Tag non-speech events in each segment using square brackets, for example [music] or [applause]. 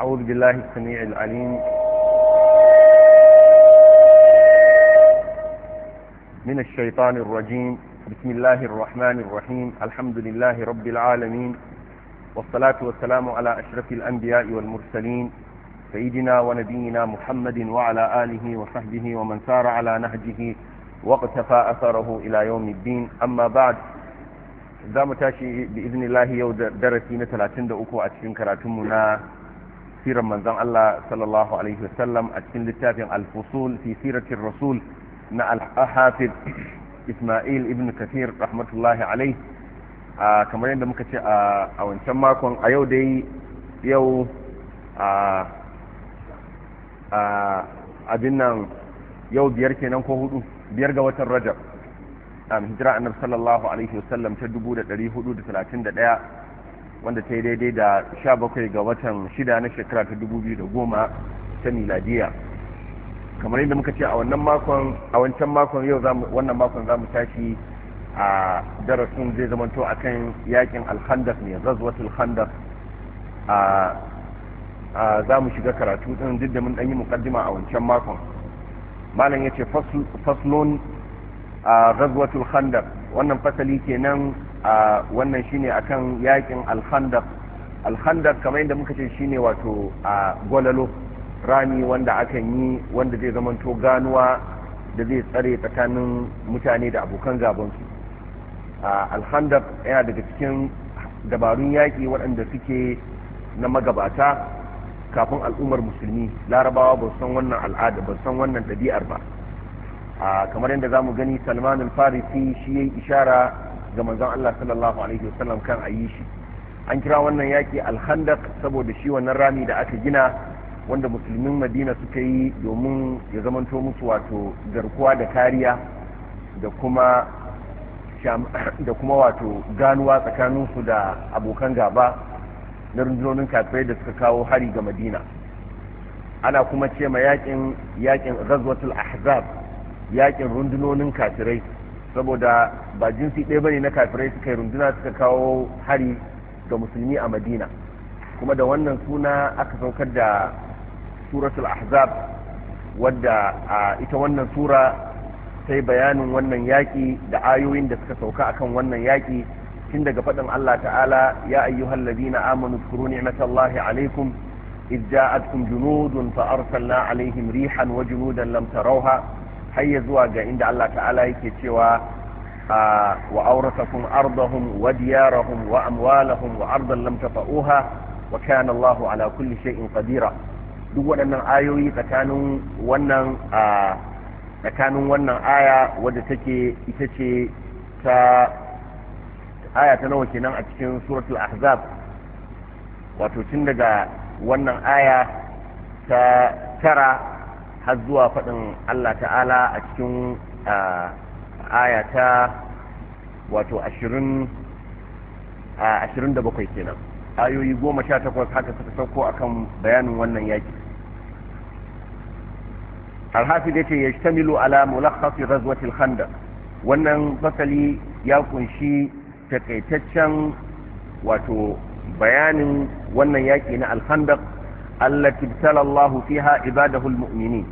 أعوذ بالله السميع العليم من الشيطان الرجيم بسم الله الرحمن الرحيم الحمد لله رب العالمين والصلاة والسلام على أشرف الأنبياء والمرسلين سيدنا ونبينا محمد وعلى آله وصحبه ومن سار على نهجه واقتفى أثره إلى يوم الدين أما بعد ذا متاشي بإذن الله iznillahi درسين da darasi na 33 sirar manzon Allah sallallahu alaihi wasallam a cikin littafin al-fusul fi siratir rasul na al-hafiz Ismail ibn Kathir rahmatullahi alaihi a kamar yadda muka ce a wancan makon a yau dai yau a abin nan yau biyar kenan ko hudu biyar ga watan Rajab a hijira annabi sallallahu alaihi wasallam ta 1431 wanda ta yi daidai da sha bakwai ga watan shida na shekara ta goma ta miladiya kamar yadda muka ce a wannan makon a wancan makon yau wannan makon za mu tashi a darasin zai zamanto a kan yakin alhandar ne zazwatul handas a za mu shiga karatu ɗin duk da mun ɗanyi mukaddima a wancan makon malam ya ce faslon a zazwatul alhandar wannan fasali kenan a wannan shine akan yakin alhandar alhandar kamar yadda muka ce shine wato a gwalalo rami wanda akan yi wanda zai zamanto ganuwa da zai tsare tsakanin mutane da abokan gabansu alhandar yana daga cikin dabarun yaƙi waɗanda suke na magabata kafin al'ummar musulmi larabawa ba san wannan al'ada ba san wannan ɗabi'ar ba kamar yadda za mu gani salman al-farisi shi ya ishara ga manzon Allah sallallahu alaihi wasallam kan a shi an kira wannan yaki alhandak saboda shi wannan rami da aka gina wanda musulmin madina suka yi domin ya zamanto musu wato garkuwa da kariya da kuma [coughs] da kuma wato ganuwa tsakaninsu da abokan gaba na rundunonin kafirai da suka kawo hari ga madina ana kuma ce ma yakin yakin ghazwatul ahzab yakin rundunonin kafirai saboda ba jinsi ɗaya bane na kafirai suka yi runduna suka kawo hari ga musulmi a madina kuma da wannan suna aka saukar da suratul ahzab wadda a ita wannan sura sai bayanin wannan yaƙi da ayoyin da suka sauka akan wannan yaƙi tun daga faɗin Allah ta'ala ya ayyuhal ladina amanu zkuru ni'matallahi alaikum junudun جاءتكم جنود فأرسلنا عليهم ريحا وجنودا لم تروها hayya zuwa ga inda Allah ta'ala yake cewa wa auratakum ardahum wa diyarahum wa amwalahum wa ardan lam tafa'uha wa kana Allah ala kulli shay'in qadira duk waɗannan ayoyi tsakanin wannan tsakanin wannan aya wadda take ita ce ta aya ta nawa kenan a cikin suratul ahzab wato tun daga wannan aya ta tara har zuwa faɗin Allah ta'ala a cikin ayata wato ashirin da bakwai kenan ayoyi goma sha takwas haka suka sauko akan bayanin wannan yaki alhafi da ce ya shtamilu ala mulakhafi razwatil wannan fasali ya kunshi takaitaccen wato bayanin wannan yaki na alhandar allati talallahu fiha ibadahu almu'minin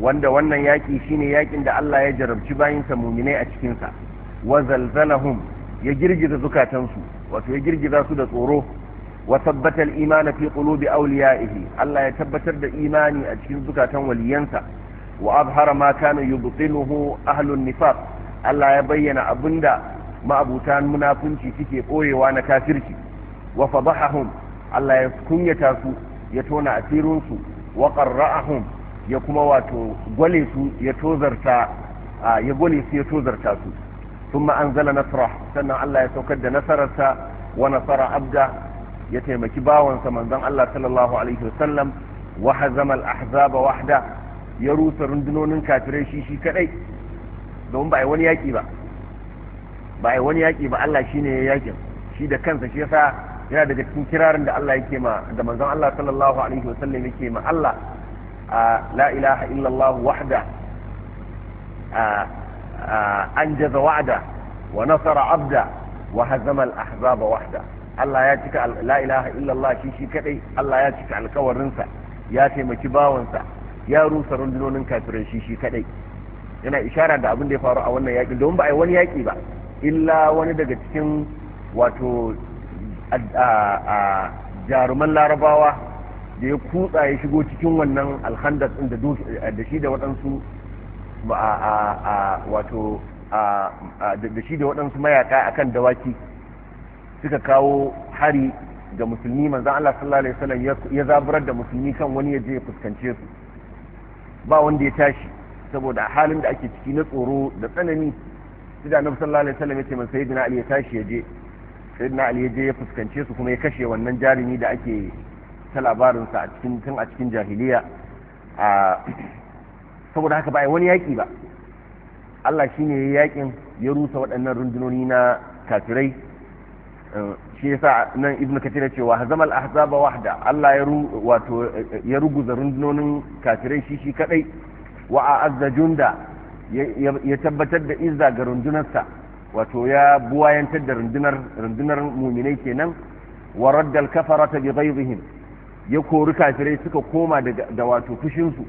wanda wannan yaki shine yaƙin da Allah ya jarabci bayinsa mu'minai a cikinsa. sa wa zalzalahum ya girgiza zukatansu wato ya girgiza su da tsoro wa tabbata al-iman fi qulubi awliyaihi Allah ya tabbatar da imani a cikin zukatan waliyansa wa azhara ma kana yubtinuhu ahlun nifaq Allah ya bayyana abinda ma'abutan munafunci suke koyewa na kafirci wa fadahahum Allah ya kunyata su ya tona asirinsu wa qarra'ahum ya kuma wato gwale su ya tozarta ya gwale su ya tozarta su thumma anzala nasrah sannan Allah ya saukar da nasararsa wa nasara abda ya taimaki bawansa manzon Allah sallallahu alaihi wasallam wa hazama al-ahzab wahda ya rusa rundunonin kafirai shi shi kadai don ba ai wani yaki ba ba ai wani yaki ba Allah shine ya yakin shi da kansa shi yasa yana daga cikin kirarin da Allah yake ma da manzon Allah sallallahu alaihi wasallam yake ma Allah la ilaha illallah wahda jaza wa'da wa nasara abda wa hazama al-ahzaba wahda Allah ya cika la ilaha illallah shi shi kadai Allah ya cika alkawarinsa ya taimaki bawansa ya rusa rundunonin kafirai shi shi kadai yana ishara da abin da ya faru a wannan yaƙi domin ba a yi wani yaƙi ba illa wani daga cikin wato a jaruman larabawa da ya kutsa ya shigo cikin wannan alhandas ɗin da shi da waɗansu wato da shi da waɗansu mayaka akan dawaki suka kawo hari ga musulmi manzan Allah sallallahu alaihi wasallam ya zaburar da musulmi kan wani ya je ya fuskance su ba wanda ya tashi saboda halin da ake ciki na tsoro da tsanani su da annabi sallallahu alaihi wasallam ya ce man sayyidina Ali ya tashi ya je sayyidina ali ya je ya fuskance su kuma ya kashe wannan jarumi da ake ta labarinsa a cikin tun a cikin jahiliya saboda haka ba wani yaƙi ba Allah shi ne ya yaƙin ya rusa waɗannan rundunoni na kafirai eh, shi ya sa nan ibn kathir ya ce wa hazamal ahzaba wahda Allah ya wato ya ruguza rundunonin kafirai shi shi kadai wa azza junda ya tabbatar da izza ga rundunarsa wato ya buwayantar da rundunar rundunar muminai kenan wa raddal kafarata bi ghayrihim ya kori kafirai suka koma da wato fushin su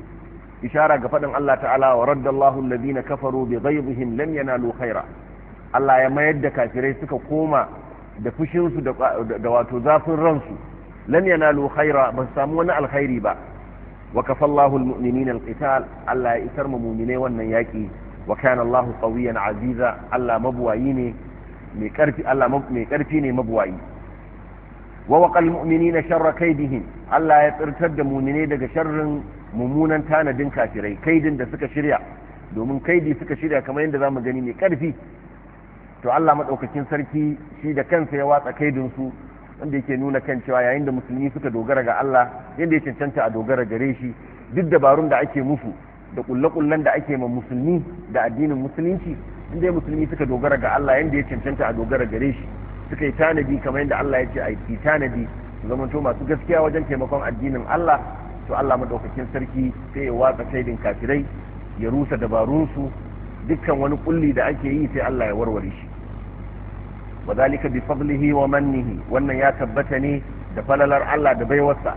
ishara ga faɗin Allah ta'ala wa raddallahu alladhina kafaru bi ghayrihim lam yanalu khaira Allah ya mayar da kafirai suka koma da fushin su da wato zafin ransu lam yanalu khaira ba samu wani alkhairi ba wa kafallahu almu'minina alqital Allah ya isar mu mu'minai wannan yaki wa kana Allah qawiyan aziza Allah mabuwayi ne mai karfi Allah mai karfi ne mabuwayi wa waqal mu'minina sharra kaydihim Allah ya tsirtar da mu'mine daga sharrin mummunan tanadin kafirai kaidin da suka shirya domin kaidi suka shirya kamar yadda zamu gani mai karfi to Allah madaukakin sarki shi da kansa ya watsa kaidin su wanda yake nuna kan cewa yayin da musulmi suka dogara ga Allah yadda ya cancanta a dogara gare shi duk dabarun da ake musu da ƙulle kullen da ake ma musulmi da addinin musulunci inda ya musulmi suka dogara ga Allah yadda ya cancanta a dogara gare shi suka yi tanadi kamar yadda Allah ya ce a yi tanadi su zamanto masu gaskiya wajen taimakon addinin Allah to Allah madaukakin sarki sai ya watsa kaidin kafirai ya rusa dabarunsu dukkan wani kulli da ake yi sai Allah ya warware shi wa zalika bi fadlihi wa mannihi wannan ya tabbata ne da falalar Allah da baiwarsa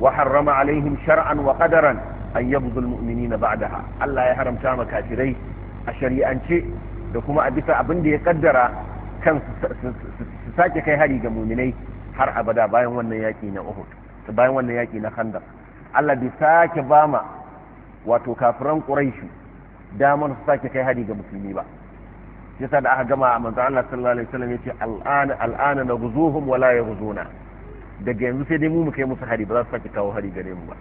wa harrama alaihim shar'an wa qadaran an na mu'minina ha Allah ya haramta ma kafirai a shari'ance da kuma a bisa abin da ya kaddara kan su sake kai hari ga muminai har abada bayan wannan yaki na Uhud bayan wannan yaki na Khandaq Allah bai sake bama wato kafiran Quraishi damar su sake kai hari ga musulmi ba shi da aka gama a manzo Allah sallallahu alaihi wasallam yace al'ana al'ana naghzuhum wala yaghzuna daga yanzu sai dai mu mu kai musu hari ba za su sake kawo hari gare mu ba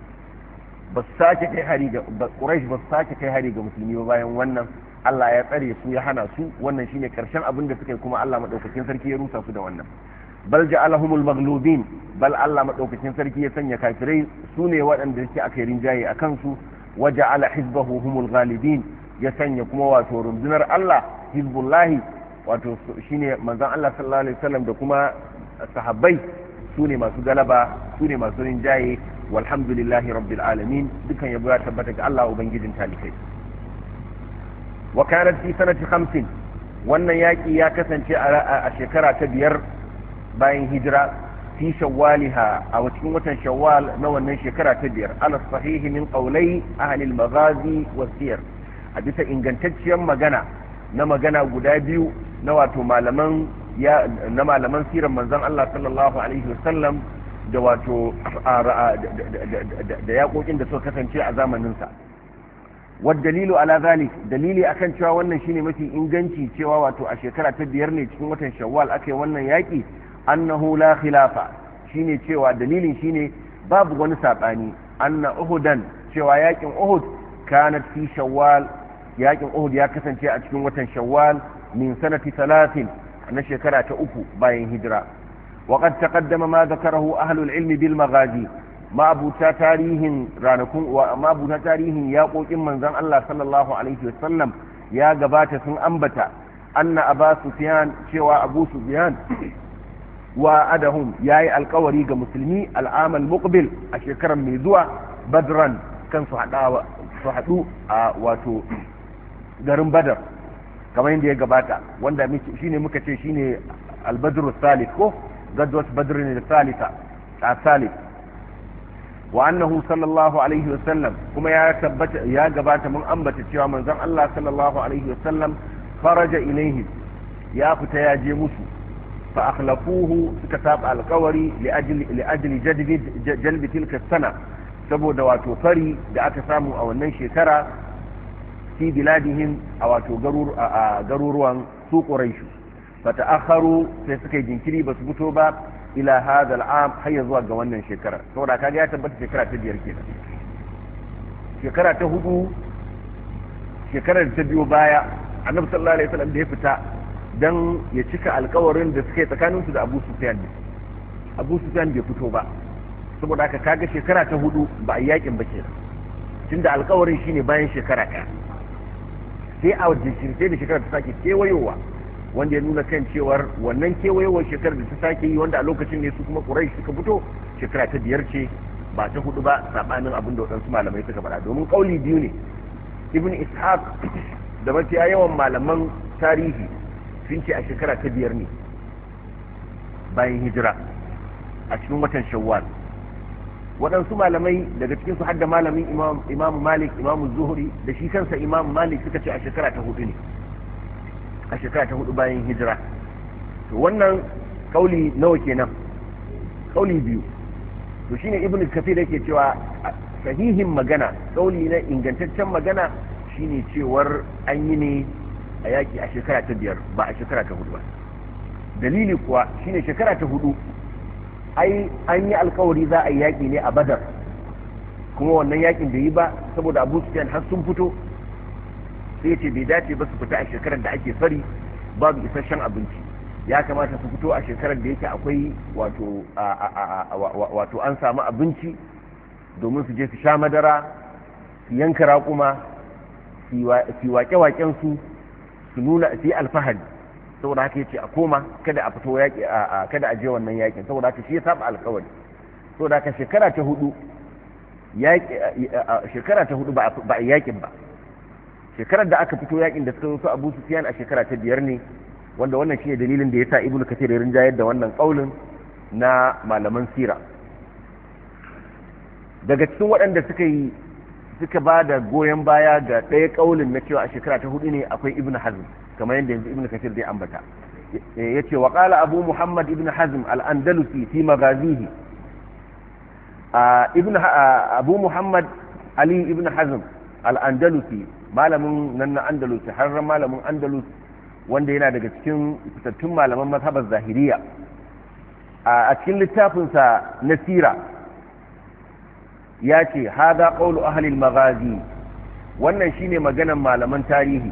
ba su sake kai hari ga quraish ba su sake kai hari ga musulmi ba bayan wannan Allah ya tsare su ya hana su wannan shine karshen abin da suka kuma Allah madaukakin sarki ya rusa su da wannan bal ja'alahumul maghlubin bal Allah madaukakin sarki ya sanya kafirai sune waɗanda yake aka yi rinjaye a kansu wa ja'ala hizbahu humul ghalibin ya sanya kuma wato rundunar Allah hizbullahi wato shine manzon Allah sallallahu alaihi wasallam da kuma sahabbai sune masu galaba sune masu rinjaye walhamdulillahi rabbil alamin dukan yabo ya tabbata ga Allah ubangijin talikai wa kanat fi sanati wannan yaki ya kasance a shekara ta biyar bayan hijira fi shawwaliha a cikin watan shawwal na wannan shekara ta biyar ala sahihi min qawlai ahli al-maghazi wa siyar a bisa ingantacciyar magana na magana guda biyu na wato malaman na malaman sirar manzon Allah sallallahu alaihi wasallam da wato da yaƙoƙin da suka kasance a zamaninsa dalilu ala zalik dalili akan cewa wannan shine mafi inganci cewa wato a shekara ta biyar ne cikin watan shawwal aka yi wannan yaƙi annahu la khilafa shine cewa dalilin shine babu wani saɓani anna uhudan cewa yakin uhud kana fi shawwal yakin uhud ya kasance a cikin watan shawwal min sanati talatin na shekara ta uku bayan hijira وقد تقدم ما ذكره أهل العلم بالمغازي ما أبو تاريه رانكم وما أبو تاريه يقول إن من ذن الله صلى الله عليه وسلم يا قبات سن أنبتا أن أبا سفيان شوى أبو سفيان وعدهم ياي القوري مسلمي العام المقبل أشكرا ميزوع بدرا كان سحدو واتو garin badar kamar yadda ya gabata wanda shine muka ce shine albadru salih ko غدوة بدر الثالثة الثالث وأنه صلى الله عليه وسلم كما يا تبت يا جبات من أنبت تيوا من زم الله صلى الله عليه وسلم خرج إليهم يا فتيا جيمسو فأخلفوه كتاب القوري لأجل لأجل جلب جلب تلك السنة saboda wato fari da aka samu a wannan shekara fi biladihim a wato garuruwan su ƙuraishu fata'akharu sai suka yi jinkiri ba su fito ba ila hadha al'am har ya zuwa ga wannan shekara saboda kaga ya tabbata shekara ta biyar kenan shekara ta hudu shekarar ta biyo baya annabi sallallahu alaihi wasallam da ya fita dan ya cika alƙawarin da suka yi tsakaninsu da Abu Sufyan Abu Sufyan bai fito ba saboda haka kaga shekara ta hudu ba a yakin ba kenan tunda alƙawarin shine bayan shekara ɗaya sai a jirgin sai da shekara ta sake kewayowa wanda ya nuna kan cewar wannan kewayewar shekarar da ta sake yi wanda a lokacin ne su kuma ƙurai suka fito shekara ta biyar ce ba ta hudu ba saɓanin abin da waɗansu malamai suka faɗa domin ƙauli biyu ne ibn ishaq da mafiya yawan malaman tarihi sun ce a shekara ta biyar ne bayan hijira a cikin watan shawwal waɗansu malamai daga cikin su hadda malamin imamu malik imamu zuhuri da shi kansa imamu malik suka ce a shekara ta hudu ne a shekara ta hudu bayan hijira to wannan kauli nawa kenan kauli biyu to shine ibn kafir yake cewa sahihin magana kauli na ingantaccen magana shine cewar an yi ne a yaki a shekara ta biyar ba a shekara ta hudu ba dalili kuwa shine shekara ta hudu ai an yi alkawari za a yi yaki ne a badar kuma wannan yakin da yi ba saboda abu sufyan har sun fito sai ce bai dace ba su fita a shekarar da ake fari babu isasshen abinci ya kamata su fito a shekarar da yake akwai wato an samu abinci domin su je su sha madara su yanka raƙuma su waƙe-waƙen su su nuna su yi alfahari saboda haka ya ce a koma kada a fito yaƙi kada a je wannan yaƙin saboda haka shi ya saba alƙawari saboda haka shekara ta hudu shekara ta hudu ba a yaƙin ba shekarar da aka fito yakin da suka zo su abu Sufyan a shekara ta biyar ne wanda wannan shine dalilin da yasa ibnu kathir ya rinja yadda wannan kaulin na malaman sira daga cikin waɗanda suka yi suka ba da goyon baya ga ɗaya kaulin na cewa a shekara ta hudu ne akwai ibnu hazm kamar yadda yanzu ibnu kathir zai ambata yace wa qala abu muhammad ibnu hazm al-andalusi fi magazihi ibnu abu muhammad ali ibnu hazm al-andalusi malamin nan na andalus shahararren malamin andalus wanda yana daga cikin fitattun malaman mazhabar zahiriya a cikin littafinsa na sira ya ce haza ƙaulu ahalin magazi wannan shine maganan malaman tarihi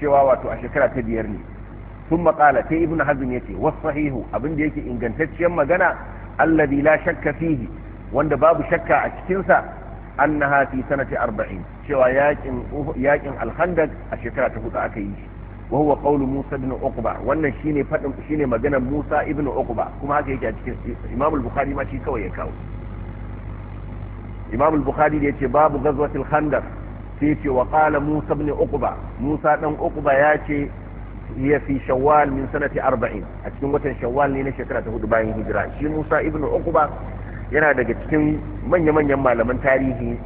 cewa wato a shekara ta biyar ne sun maƙala ta ibn hazm ya ce wasu sahihu abinda yake ingantacciyar magana alladhi la shakka fihi wanda babu shakka a cikinsa annaha fi sanati 40 cewa yakin yakin alhandak a shekara ta hudu aka yi shi wa huwa qawlu Musa ibn Uqba wannan shine fadin shine maganar Musa ibn Uqba kuma haka yake a cikin Imam al-Bukhari ma shi kawai ya kawo Imam al-Bukhari da yace babu ghazwatil khandaq sai yace wa qala Musa ibn Uqba Musa dan Uqba yace hiya fi shawwal min sanati 40 a cikin watan shawwal ne na shekara ta hudu bayan hijira shi Musa ibn Uqba yana daga cikin manya-manyan malaman tarihi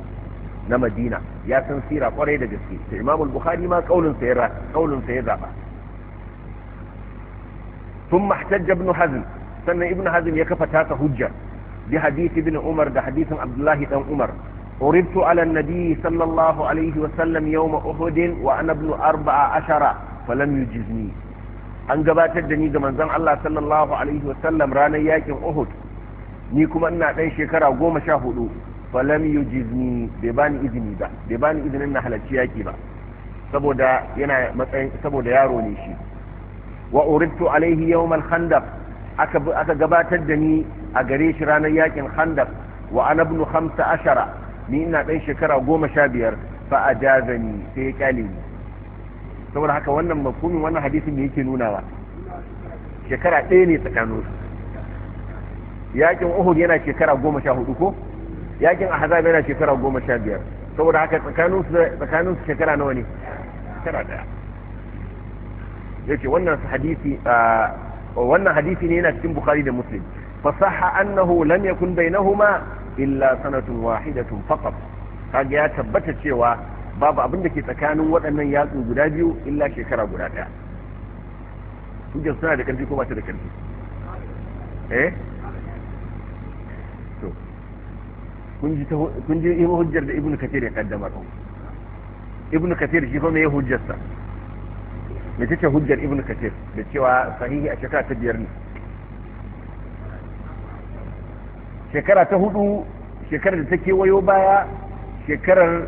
na madina ya san sira kwarai da gaske ta imam buhari ma kaulin sa ya kaulin sa ya zaba thumma sannan ibnu hazm ya kafa tasa hujja bi hadith ibn umar da hadisin abdullahi dan umar uridtu ala an-nabi sallallahu alaihi wa sallam yawm uhud wa ana arba'a ashara falam yujizni an gabatar da ni ga manzon Allah sallallahu alaihi wa sallam ranar yakin ohud. ni kuma ina ɗan shekara goma sha hudu falam jizni bai bani izini ba bai bani izinin na halarci yaƙi ba saboda yana matsayin saboda yaro ne shi wa uridtu alaihi yawmal khandaq aka aka gabatar da ni a gare shi ranar yakin khandaq wa ana ibn 15 ni ina dan shekara 15 fa ajazani sai ya kyale ni saboda haka wannan mafhumin wannan hadisin me yake nunawa shekara ɗaya ne tsakaninsu yakin uhud yana shekara goma sha hudu ko yakin ahzab yana shekara goma sha biyar saboda haka tsakanin su shekara nawa ne shekara daya yace wannan hadisi wannan hadisi ne yana cikin bukhari da muslim fasaha annahu lam yakun bainahuma illa sanatun wahidatun faqat kaga ya tabbata cewa babu abin da ke tsakanin waɗannan yatsu guda biyu illa shekara guda ɗaya hujjar suna da karfi ko ba ta da karfi eh kun ji ihu hujjar da ibnu kathir ya kaddamar ibnu kathir shi fa me ya hujjarsa me kike hujjar ibnu kathir da cewa sahihi a shekara ta biyar ne shekara ta hudu shekarar da ta kewayo baya shekarar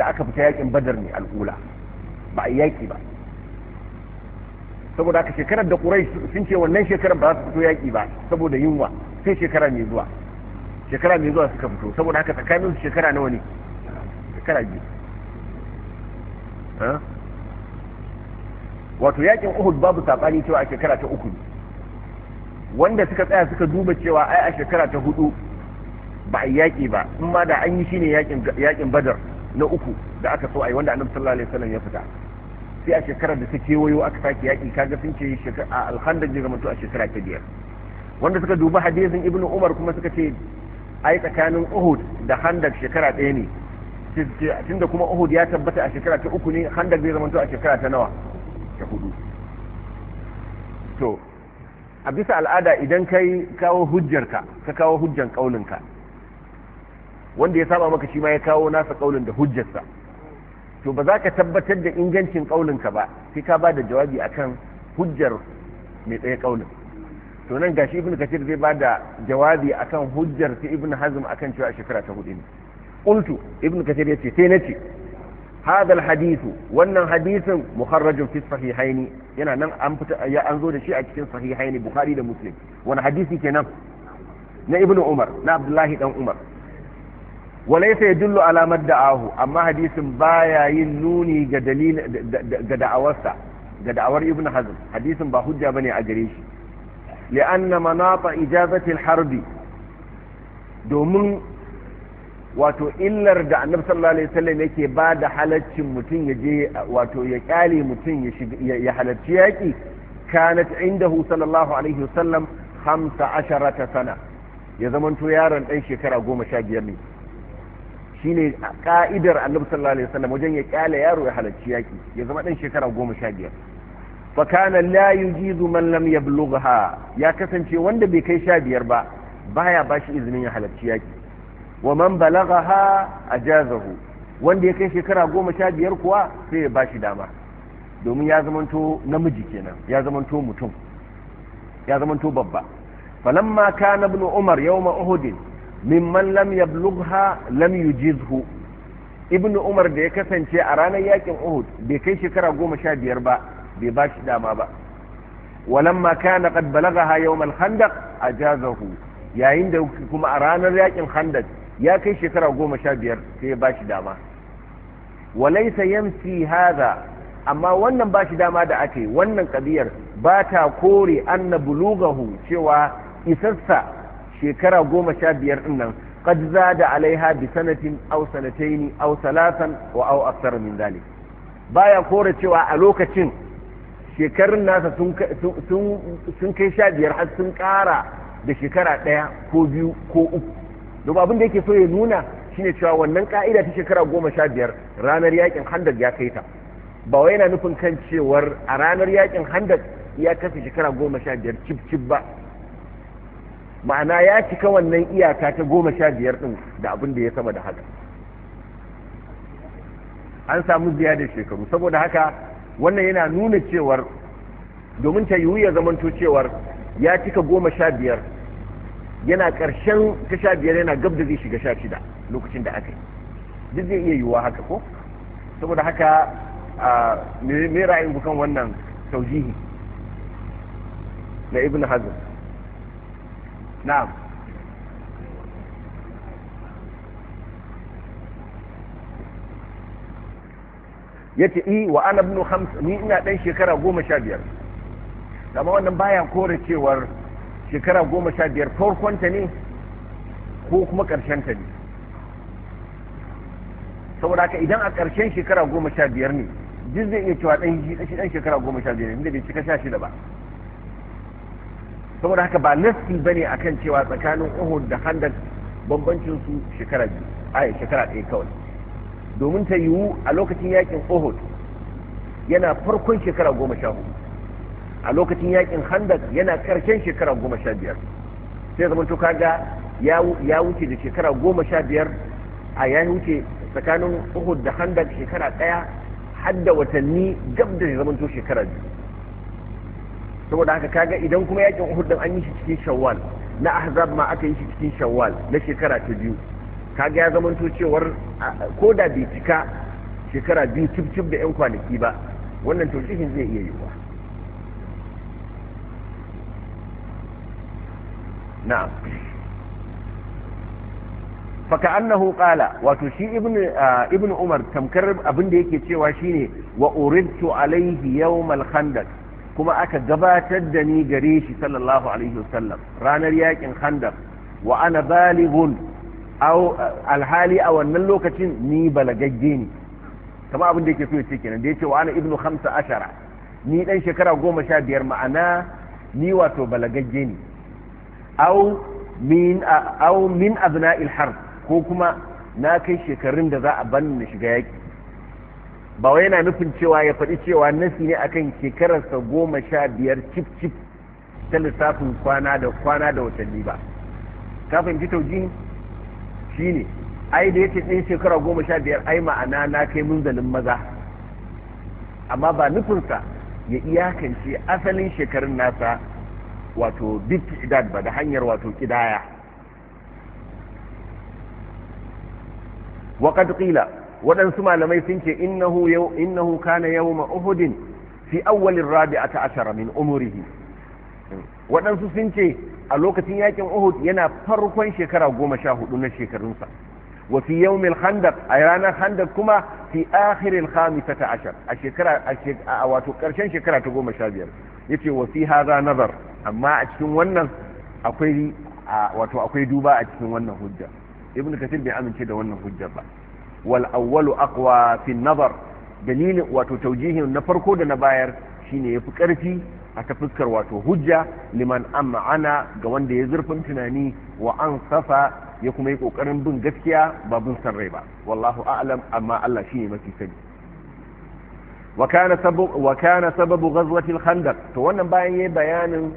da aka fita yakin badar ne al'ula ba a yaki ba saboda aka shekarar da ƙurai sun ce wannan shekarar ba za su fito yaki ba saboda yunwa sai shekara mai zuwa shekara mai zuwa suka fito saboda haka tsakanin su shekara nawa ne shekara biyu wato yakin uhud babu sabani cewa a shekara ta uku ne wanda suka tsaya suka duba cewa ai a shekara ta hudu ba a yaƙi ba in ma da an yi shine yaƙin badar na uku da aka so ai wanda annabi sallallahu alaihi wasallam ya fita sai a shekarar da ta kewayo aka sake yaƙi kaga sun ce a alhandar ya a shekara ta biyar wanda suka duba hadisin ibnu umar kuma suka ce ai tsakanin uhud da handak shekara ɗaya ne tunda kuma uhud ya tabbata a shekara ta uku ne handak zai zamanto a shekara ta nawa ta hudu to a bisa al'ada idan kai kawo hujjarka ka kawo hujjan kaulinka wanda ya saba maka shi ma ya kawo nasa kaulin da hujjarsa to ba za ka tabbatar da ingancin kaulinka ba sai ka ba da jawabi akan hujjar mai tsaye kaulin to nan gashi ibnu kasir zai ba da jawabi akan hujjar ta ibnu hazm akan cewa shekara ta hudu ne qultu ibn kasir yace sai nace هذا الحديث wannan hadisin مخرج في الصحيحين yana nan an fita ya an zo da shi a cikin sahihain bukhari da muslim wani hadisi kenan na ibnu umar na abdullahi dan umar walaysa yadullu ala madda'ahu amma hadisin baya yin nuni ga dalil ga da'awarsa ga da'awar ibnu hazm hadisin ba hujja bane a gare shi لأن مناط ijazatil الحرب دومن wato illar da annabi sallallahu alaihi wasallam yake ba da halaccin mutum ya je wato ya kyale mutum ya shiga ya halacci yaki kanat indahu sallallahu alaihi wasallam 15 sana ya zamanto yaron dan shekara 15 ne shine ka'idar annabi sallallahu alaihi wasallam wajen ya kyale yaro ya halacci yaki ya zama dan shekara 15 fa kana la yujizu man lam yablugha ya kasance wanda bai kai sha biyar ba baya bashi izinin ya halarci yaki wa man balaghaha ajazahu wanda ya kai shekara goma sha biyar kuwa sai ya bashi dama domin ya zamanto namiji kenan ya zamanto mutum ya zamanto babba falamma kana ibn umar yawma uhud mimman lam yablugha lam yujizhu ibn umar da ya kasance a ranar yakin uhud bai kai shekara goma sha biyar ba bai ba shi dama ba walan ma kana qad balagaha yawm al-khandaq ajazahu yayin da kuma a ranar yakin khandaq ya kai shekara goma sha biyar sai ya ba shi dama walaisa yamsi hadha amma wannan ba shi dama da ake wannan kabiyar ba ta kore anna bulugahu cewa isassa shekara goma sha biyar din nan qad zada alaiha bi sanatin aw sanataini aw salatan wa aw akthar min dhalik baya kore cewa a lokacin shekarun nasa sun kai sha biyar har sun kara da shekara ɗaya ko biyu ko uku domin abin da yake so ya nuna shine cewa wannan ka'ida ta shekara goma sha biyar ranar yakin handak ya kai ta ba wai yana nufin kan cewar a ranar yakin handak ya kasa shekara goma sha biyar cif ba ma'ana ya cika wannan iyaka ta goma sha biyar ɗin da abin da ya sama da haka an samu da shekaru saboda haka wannan yana nuna cewar domin ta yiwu ya zamanto cewar ya cika goma sha biyar yana ƙarshen ta sha biyar yana gab da zai shiga sha shida lokacin da aka yi duk zai iya yiwuwa haka ko saboda haka me ra'ayin ku kan wannan taujihi na ibn hazm na'am ce i eh, wa ana ibn ni ina dan shekara goma sha biyar, kama wannan baya kore cewar shekara goma sha biyar farkonta ne ko kuma karshen ta ne saboda haka idan a karshen shekara goma sha biyar ne duk zai iya cewa ɗan shi goma shekara biyar ne inda bai cika sha shida ba saboda haka ba nassi bane akan cewa tsakanin Uhud da handar bambancin su shekara biyu a shekara ɗaya kawai domin ta yiwu a lokacin yakin Uhud yana farkon shekara goma sha hudu a lokacin yakin Handak yana karshen shekara goma sha biyar sai zama kaga ya wuce da shekara goma sha biyar a ya wuce tsakanin Uhud da Handak shekara ɗaya har da watanni gab da zama to shekara biyu saboda haka kaga idan kuma yakin Uhud din an yi shi cikin Shawwal na Ahzab ma aka yi shi cikin Shawwal na shekara ta biyu kaga ya zamanto cewar ko da bai cika shekara biyu cif da 'yan kwanaki ba wannan tausihin zai iya yiwuwa na'am faka annahu qala wato shi ibnu ibnu umar tamkar abin da yake cewa shine wa uridtu alayhi yawm al-khandaq kuma aka gabatar da ni gare shi sallallahu alaihi wasallam ranar yakin khandaq wa ana balighun alhali a wannan lokacin ni balagagge ne kama abin da yake so ya ce kenan da ya ce wa ana ibnu hamsa ashara ni dan shekara goma sha biyar ma'ana ni wato balagagge ne au min au min harb ko kuma na kai shekarun da za a ban na shiga yaki ba wai yana nufin cewa ya faɗi cewa nasi ne akan shekararsa goma sha biyar cif cif ta lissafin kwana da kwana da watanni ba kafin ji taujini shi ne ai da yace ɗin shekara goma sha biyar ai ma'ana na kai munzalin maza amma ba nufinsa ya iyakance asalin shekarun nasa wato bit idad ba da hanyar wato kidaya waƙad ƙila waɗansu malamai sun ce innahu kana yawma uhudin fi awwalin rabi'ata ashara min umurihi waɗansu sun ce a lokacin yakin uhud yana farkon shekara goma sha hudu na shekarunsa wa fi yawmil khandaq a ranar khandaq kuma fi akhiril khamisata ashar a shekara a wato karshen shekara ta goma sha biyar yace wa fi hadha nazar amma a cikin wannan akwai wato akwai duba a cikin wannan hujja ibn kathir bai amince da wannan hujjar ba wal awwalu aqwa fi nazar dalilin wato taujihin na farko da na bayar shine yafi karfi a ta fuskar wato hujja liman an ma'ana ga wanda ya zurfin tunani wa an safa ya kuma yi kokarin bin gaskiya ba bin san rai ba wallahu a'lam amma Allah ne mafi sani wa kana sababu wa sababu al-khandaq to wannan bayan yayi bayanin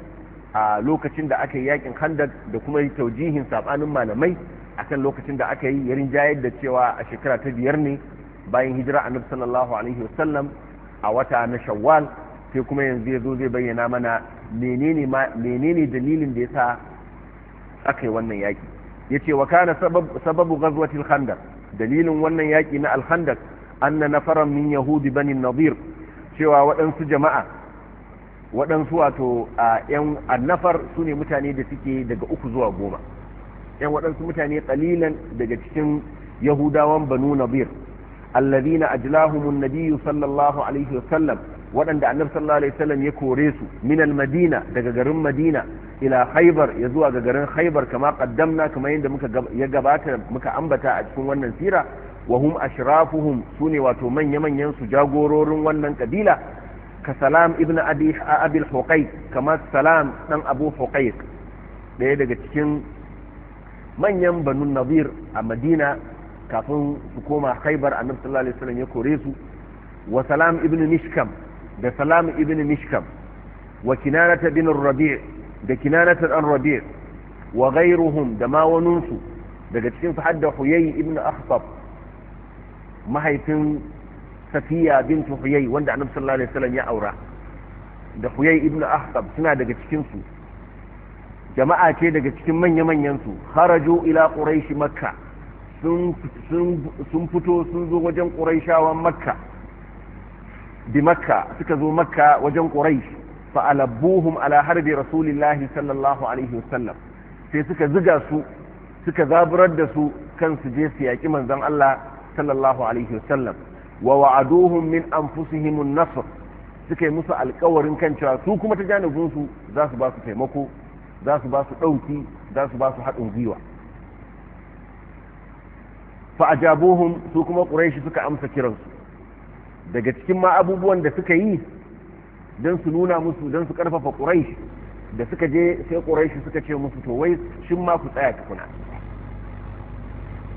a lokacin da aka yi yakin khandaq da kuma taujihin sabanin malamai akan lokacin da aka yi yarin jayar da cewa a shekara ta biyar ne bayan hijira annabi sallallahu alaihi wasallam a wata na shawwal sai kuma yanzu ya zo zai bayyana mana menene dalilin da ya sa aka yi wannan yaƙi ya ce wa kana sababu gazwati alhandar dalilin wannan yaƙi na alhandar an na nafaran min yahudi banin nazir cewa waɗansu jama'a waɗansu wato a yan annafar su ne mutane da suke daga uku zuwa goma yan waɗansu mutane ƙalilan daga cikin yahudawan banu nazir allazina ajlahumun nabiyyu sallallahu alaihi wasallam waɗanda annabi sallallahu alaihi wasallam ya kore su min al-madina daga garin madina ila khaybar ya zuwa ga garin khaybar kama qaddamna kama yadda muka ya gabata muka ambata a cikin wannan sira wa hum ashrafuhum sune wato manya manyan su jagororin wannan kabila ka salam ibn abi abil huqayq kama salam dan abu huqayq daya daga cikin manyan banu nadir a madina kafin su koma khaybar annabi sallallahu alaihi wasallam ya kore su wa salam ibn mishkam da salam ibn mishkam wa kinanata bin rabi' da kinanata dan rabi' wa ghayruhum da ma wanunsu daga cikin su hadda huyay ibn akhtab mahaifin safiya bint huyay wanda annabi sallallahu alaihi wasallam ya aura da huyay ibn akhtab suna daga cikin su jama'a ce daga cikin manya-manyan su kharaju ila quraish makka sun fito sun zo wajen ƙuraishawan makka bi makka suka zo makka wajen quraish fa ala harbi rasulillahi sallallahu alaihi wasallam sai suka ziga su suka zaburar da su kan su je su yaki manzon Allah sallallahu alaihi wasallam wa wa'aduhum min anfusihim an-nasr suka yi musu alkawarin kan cewa su kuma ta janibin su za taimako za su ba su dauki haɗin gwiwa fa su kuma quraish suka amsa kiransu daga cikin ma abubuwan da suka yi don su nuna musu don su karfafa ƙuraishi da suka je sai ƙuraishi suka ce musu to wai shin ma ku tsaya kuna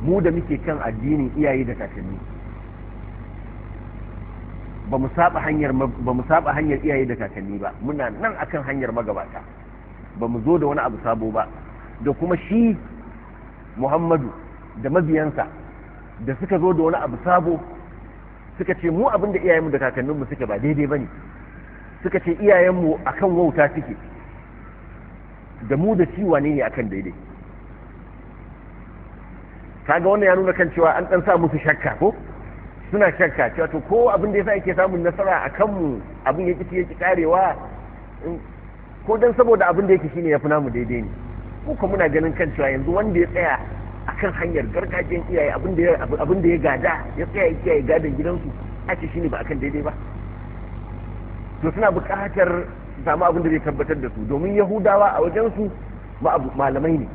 mu da muke kan addinin iyaye da kakanni hanyar ba mu saba hanyar iyaye da kakanni ba muna nan akan hanyar magabata ba mu zo da wani abu sabo ba da kuma shi Muhammadu da mabiyansa da suka zo da wani abu sabo suka ce mu abin da iyayenmu da kakanninmu suke ba daidai ba ne suka ce iyayenmu a kan wauta suke da mu da ciwa ne a kan daidai kaga wannan ya nuna kan cewa an ɗan sa musu shakka ko suna shakka cewa to ko abin da ya sa yake samun nasara a kanmu abin ya ya yake karewa ko don saboda abin da yake shine ya fi namu daidai ne ko kuma muna ganin kan cewa yanzu wanda ya tsaya akan hanyar gargajiyar iyaye abin da ya gada ya tsaya ya kiyaye gadon gidansu a ce shine ba akan daidai ba to suna buƙatar su samu abin da zai tabbatar da su domin yahudawa a wajensu malamai ne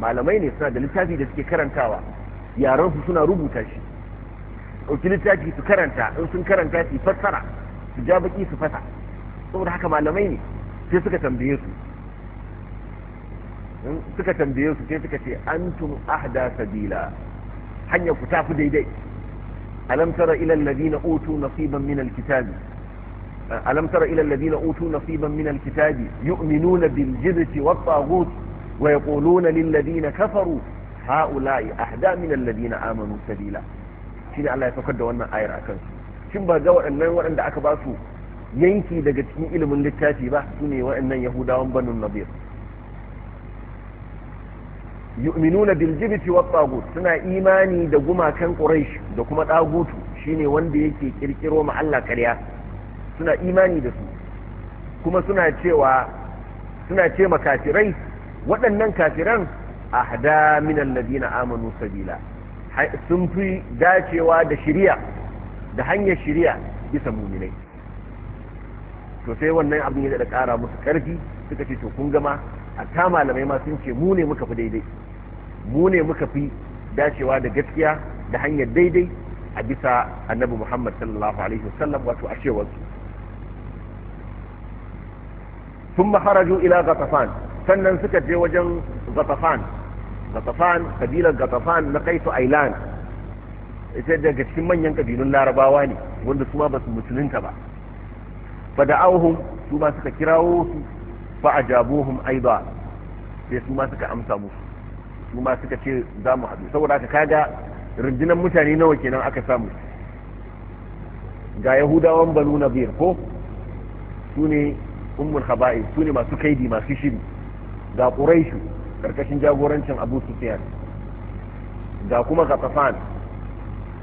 malamai ne suna da littafi da suke karantawa yaran su suna rubuta shi ɗauki littafi su karanta in sun karanta su fassara su ja baki su fasa saboda haka malamai ne sai suka tambaye su suka tambaye su sai suka ce antum ahda sabila hanyar ku tafi daidai alam tara ila alladhina utu nasiban min alkitab alam tara ila alladhina utu nasiban min alkitab yu'minuna bil jibti wat taghut wa yaquluna lil ladina kafaru haula'i ahda min alladhina amanu sabila shine Allah ya saukar da wannan ayar akan su shin ba ga waɗannan waɗanda aka ba su yanki daga cikin ilimin littafi ba su ne waɗannan yahudawan banun nadir yu'minuna bil jibti wat tagut suna imani da gumakan quraish da kuma tagutu shine wanda yake kirkiro ma Allah kariya suna imani da su kuma suna cewa suna ce ma kafirai waɗannan kafiran ahda min alladina amanu sabila sun fi dacewa da shiriya da hanyar shiriya bisa muminai to sai wannan abin ya da kara musu karfi suka ce to kun gama ta malamai ma sun ce mu ne muka fi daidai mu ne muka fi dacewa da gaskiya da hanyar daidai a bisa annabi muhammad sallallahu alaihi wasallam wato a cewar su sun maharaju ila gatafan sannan suka je wajen gatafan gatafan kabilar gatafan na kaisu ailan ita daga cikin manyan kabilun larabawa ne wanda su ma ba su musulunta ba fa da'awhum su ma suka kirawo su fa ajabuhum aidan sai su ma suka amsa musu su ma suka ce za mu haɗu saboda haka kaga rundunar mutane nawa kenan aka samu ga yahudawan banu nabir ko su ne ummul haba'i su ne masu kaidi masu shiri ga quraishu karkashin jagorancin abu sufyan ga kuma gatafan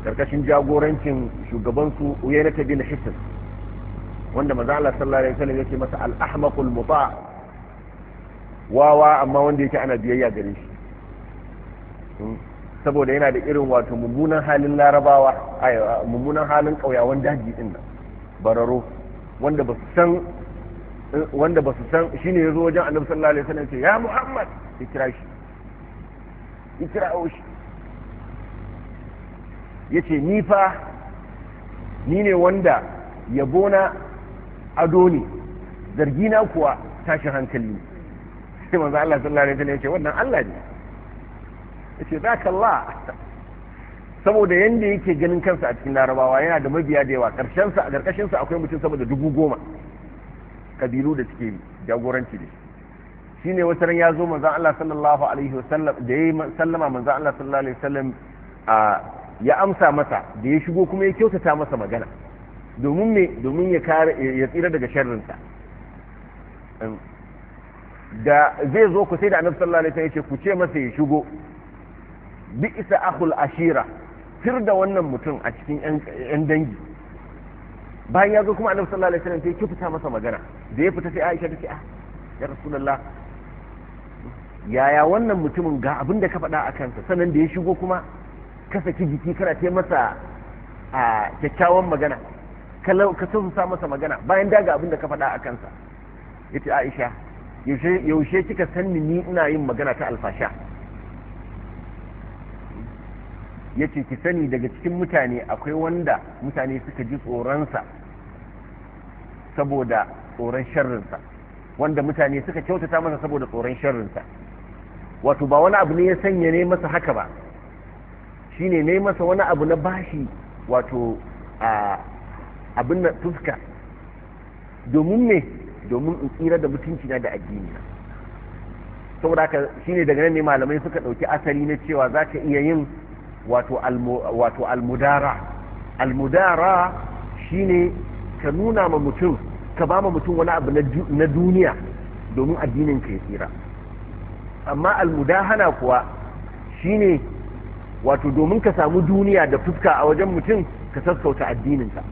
karkashin jagorancin shugabansu uyainata bin hisan wanda maza Allah sallallahu alaihi wasallam yake masa al-ahmaqul muta' wawa amma wanda yake ana biyayya gare shi hmm. saboda yana da irin wato mummunan halin larabawa mummunan halin ƙauyawan daji din nan bararo wanda ba su san eh, wanda ba su san shine yazo wajen annabi sallallahu alaihi wasallam ce ya muhammad ya kira shi ya kira shi yace ni fa ni ne wanda yabona ado ne zargina kuwa tashin hankali ne manzo Allah sallallahu alaihi wasallam ya wannan Allah ne yace zakallah saboda yanda yake ganin kansa a cikin larabawa yana da mabiya da yawa karshen sa a karkashin sa akwai mutum saboda dubu goma kabilu da suke jagoranci da shi ne wata ran ya zo manzon Allah sallallahu alaihi wasallam da yayi sallama manzan Allah sallallahu alaihi wasallam a ya amsa masa da ya shigo kuma ya kyautata masa magana domin me domin ya kare ya tsira daga sharrinsa da zai zo ku sai da annabi sallallahu alaihi wasallam ce ku ce masa ya shigo bi isa akhul ashira fir da wannan mutum a cikin yan dangi bayan ya zo kuma annabi sallallahu alaihi wasallam sai ki fita masa magana da ya fita sai Aisha ta ce ah ya rasulullah yaya wannan mutumin ga abin da ka faɗa a kansa sannan da ya shigo kuma ka saki jiki kana ce masa a kyakkyawan magana ka sa masa magana bayan daga abin da ka faɗa a kansa yace Aisha yaushe kika sanni ni ina yin magana ta alfasha yace ki sani daga cikin mutane akwai wanda mutane suka ji tsoronsa saboda tsoron sharrinsa wanda mutane suka kyautata masa saboda tsoron sharrinsa wato ba wani abu ne ya sanya ne masa haka ba shine ne masa wani abu na bashi wato abin na tuska domin me domin in tsira da mutunci na da addini na saboda ka shine daga nan ne malamai suka ɗauki asali na cewa za ka iya yin wato almudara almudara shine ka nuna ma mutum ka ba ma mutum wani abu na duniya domin addinin ka ya tsira amma almudahana kuwa shine wato domin ka samu duniya da fuska a wajen mutum ka sassauta addininka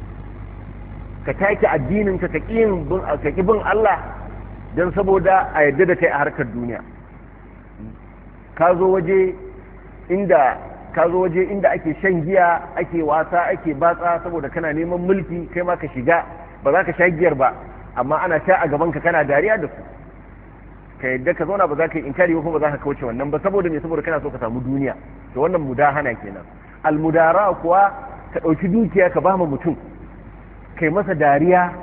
ka taki addinin ka ka kin bin ka bin Allah dan saboda a yadda da kai a harkar duniya ka zo waje inda ka zo waje inda ake shan giya ake wasa ake batsa saboda kana neman mulki kai ma ka shiga ba za ka sha giyar ba amma ana sha a gaban ka kana dariya da su ka yadda ka zauna ba za ka yi inkari ba kuma ba za ka kauce wannan ba saboda me saboda kana so ka samu duniya to wannan mudahana kenan almudara kuwa ka ɗauki dukiya ka ba mutum kai masa dariya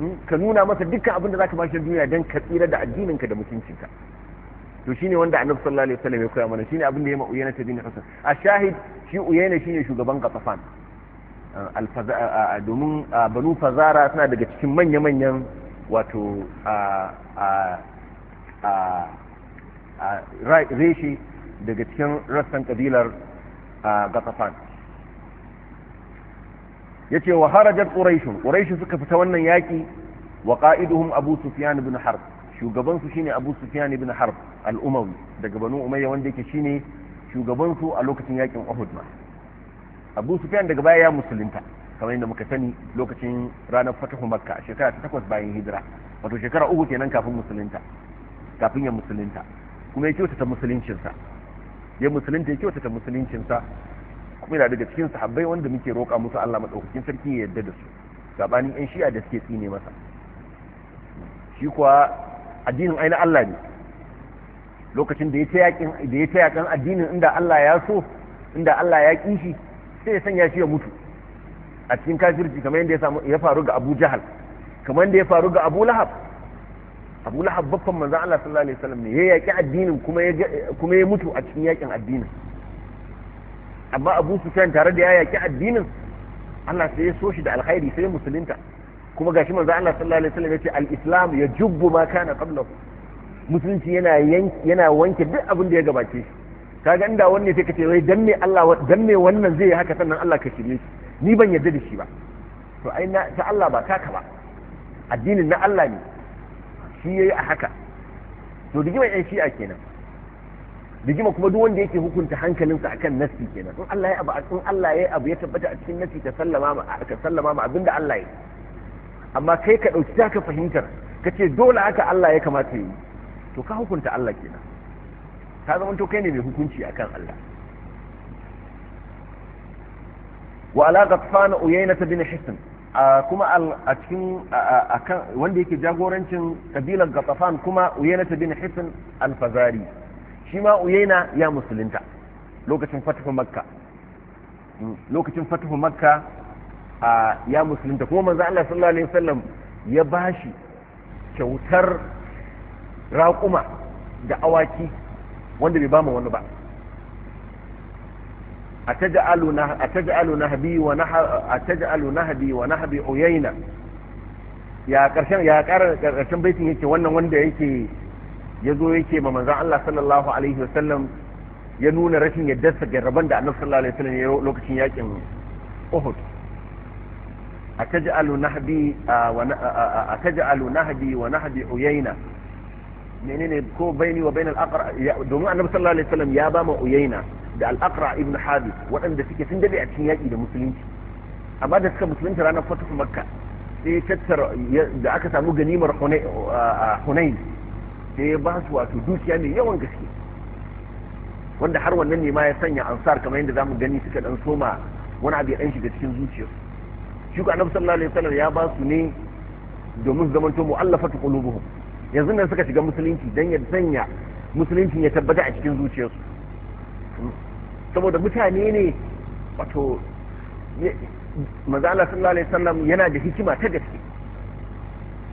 hmm, ka nuna masa dukkan abin da ka ba shi duniya don ka tsira da addininka da mutuncinka to shine wanda annabi sallallahu alaihi wasallam ya koya mana shine abin da ya ma uyana ta bin hasan a shahid shi uyana shine shugaban qatafan uh, uh, uh, domin banu fazara suna daga cikin manya-manyan wato reshe daga cikin rassan kabilar gatafan yace wa harajat quraish quraish suka fita wannan yaki wa qa'iduhum abu sufyan ibn harb shugaban su shine abu sufyan ibn harb al-umawi daga banu umayya wanda yake shine shugaban su a lokacin yakin uhud ma abu sufyan daga baya ya musulunta kamar yadda muka sani lokacin ranar fatahu makka a shekara ta takwas bayan hijira wato shekara uku kenan kafin musulunta kafin ya musulunta kuma ya kyautata musuluncinsa ya musulunta ya kyautata musuluncinsa muna daga cikin sahabbai wanda muke roƙa musu Allah madaukakin sarki ya yarda da su gabanin yan shi'a da suke tsine masa shi kuwa addinin aina Allah ne lokacin da ya ta yakin da ya ta yakan addinin inda Allah ya so inda Allah ya ki shi sai ya sanya shi ya mutu a cikin kafirci kamar yadda ya samu ya faru ga Abu Jahal kamar yadda ya faru ga Abu Lahab Abu Lahab babban manzon Allah sallallahu alaihi wasallam ne ya yaki addinin kuma ya kuma ya mutu a cikin yakin addinin amma abu sufyan tare da ya yaki addinin Allah sai ya so shi da alkhairi sai musulunta kuma gashi manzo Allah sallallahu alaihi wasallam yace al-islam ya jubbu ma kana qablahu musulunci yana yana wanke duk abin da ya gabace shi kaga inda wanne sai kace wai dan ne Allah dan wannan zai haka sannan Allah ka shirye shi ni ban yarda da shi ba to ai na ta Allah ba taka ba addinin na Allah ne shi yayi a haka to digi mai shi'a kenan rigima kuma duk wanda yake hukunta hankalinsa akan nasi kenan in Allah ya abu in Allah ya abu ya tabbata a cikin nasi ka sallama ma ka sallama ma abinda Allah ya amma kai ka dauki ka fahimtar ka ce dole haka Allah ya kamata yi to ka hukunta Allah kenan ka zama to kai ne mai hukunci akan Allah wa ala qatfan uyayna bin hisn kuma a cikin akan wanda yake jagorancin kabilar qatfan kuma uyayna bin hisn al-fazari shi ma uyaina ya musulunta lokacin fatahu makka mm, lokacin fatahu makka ya musulunta kuma manzo Allah sallallahu alaihi wasallam ya bashi kyautar raƙuma da awaki wanda bai bama wani ba ataj'alu nahbi wa ataj'alu nahbi wa nahbi uyaina ya karshen ya karshen baitin yake wannan wanda yake ya zo yake ma manzan Allah sallallahu alaihi wasallam ya nuna rashin yaddarsa ga rabon da annabi sallallahu alaihi wasallam ya lokacin yakin Uhud ataj'alu nahbi wa nahbi wa nahbi Uyayna menene ko baini wa bainal aqra domin annabi sallallahu alaihi wasallam ya ba ma Uyayna da al-aqra ibn Habib waɗanda suke sun dade a cikin yaki da musulunci amma da suka musulunci ranar fatuhu makka sai tattara da aka samu ganimar Hunayn da ya ba su wato dukiya mai yawan gaske wanda har wannan ne ma ya sanya ansar kamar yadda zamu gani suka dan soma wani abu ya dan shiga cikin zuciyarsu shi ku annabi sallallahu alaihi wasallam ya ba su ne domin zaman to mu'allafatu qulubuhum yanzu nan suka shiga musulunci dan ya sanya musulunci ya tabbata a cikin zuciyarsu saboda mutane ne wato manzo Allah sallallahu alaihi wasallam yana da hikima ta gaske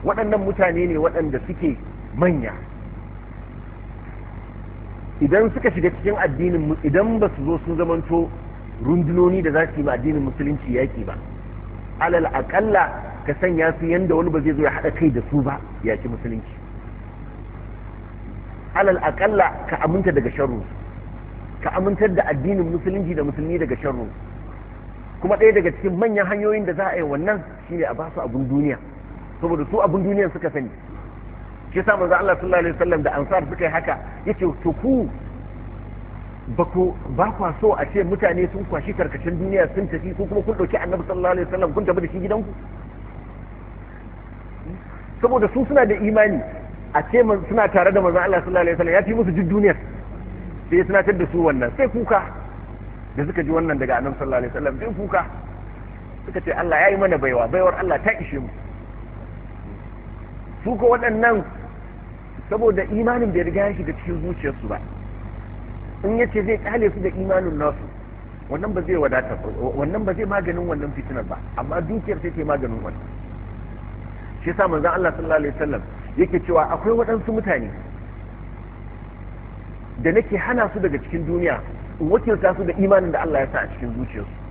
waɗannan mutane ne waɗanda suke manya idan suka shiga cikin addinin idan ba su zo sun zamanto rundunoni da za su yi ba addinin musulunci yaƙi ba alal aƙalla ka sanya su yanda wani ba zai zo ya haɗa kai da su ba yaƙi musulunci alal aƙalla ka aminta daga sharru ka amintar da addinin musulunci da musulmi daga sharru kuma ɗaya daga cikin manyan hanyoyin da za a yi wannan shine a ba su abun duniya saboda su abun duniyan suka sani shi yasa manzo Allah sallallahu alaihi wasallam da ansar suka yi haka yace to ku ba ku ba ku so a ce mutane sun kwashi karkashin duniya sun tafi ko kuma kun dauki annabi sallallahu alaihi wasallam kun tafi da shi gidanku saboda su suna da imani a ce suna tare da manzo Allah sallallahu alaihi wasallam ya fi musu duk duniyar sai suna tar da su wannan sai kuka da suka ji wannan daga annabi sallallahu alaihi wasallam sai kuka suka ce Allah ya yi mana baiwa baiwar Allah ta ishe mu su ko waɗannan saboda imanin bai riga yake da cikin zuciyarsu ba in ya ce zai kyale su da imanin nasu wannan ba zai wadata wannan ba zai maganin wannan fitinar ba amma dukiyar sai ta maganin wannan shi yasa manzon Allah sallallahu alaihi wasallam yake cewa akwai waɗansu mutane da nake hana su daga cikin duniya in wakilta su da imanin da Allah ya sa a cikin zuciyarsu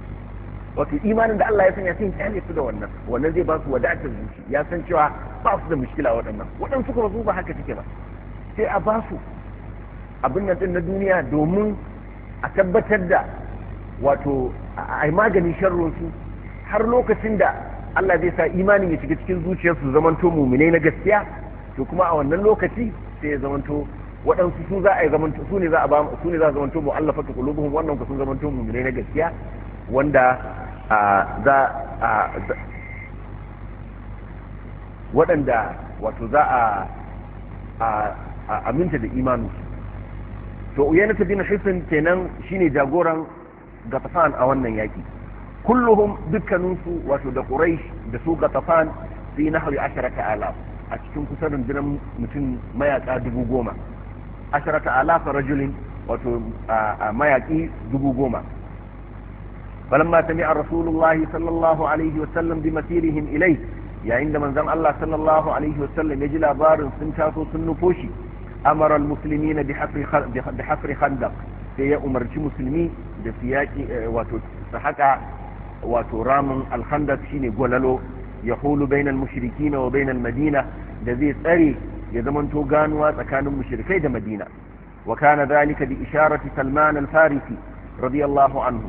wato imanin da Allah ya sanya sun kyale su da wannan wannan zai ba su wadatar zuci ya san cewa ba su da mushkila waɗannan waɗansu kuma su ba haka take ba sai a ba su abin nan din na duniya domin a tabbatar da wato a maganin sharron su har lokacin da Allah zai sa imanin ya shiga cikin zuciyarsu zamanto mumine na gaskiya to kuma a wannan lokaci sai ya zamanto waɗansu su za a yi zamanto su ne za a ba su ne za a zamanto mu Allah fata kulubuhum wannan ku sun zamanto mumine na gaskiya wanda za a waɗanda wato za a aminta da imanu to uyanata bin hisin kenan shine jagoran gatafan a wannan yaki kulluhum dukkaninsu wato da ƙurai da su gatafan yi nahari asharata alaf a cikin kusan rundunar mutum mayaka dubu goma ta'ala alaf rajulin wato mayaki dubu goma فلما سمع رسول الله صلى الله عليه وسلم بمسيرهم إليه يا عندما زم الله صلى الله عليه وسلم يجلى بار سنتاسو سنفوشي أمر المسلمين بحفر, بحفر خندق سي أمرج مسلمي بسياكي وتسحكا وترام الخندق شيني قوللو يحول بين المشركين وبين المدينة الذي أري يزمن توقانوا تكانوا مشركي دا مدينة وكان ذلك بإشارة سلمان الفارسي رضي الله عنه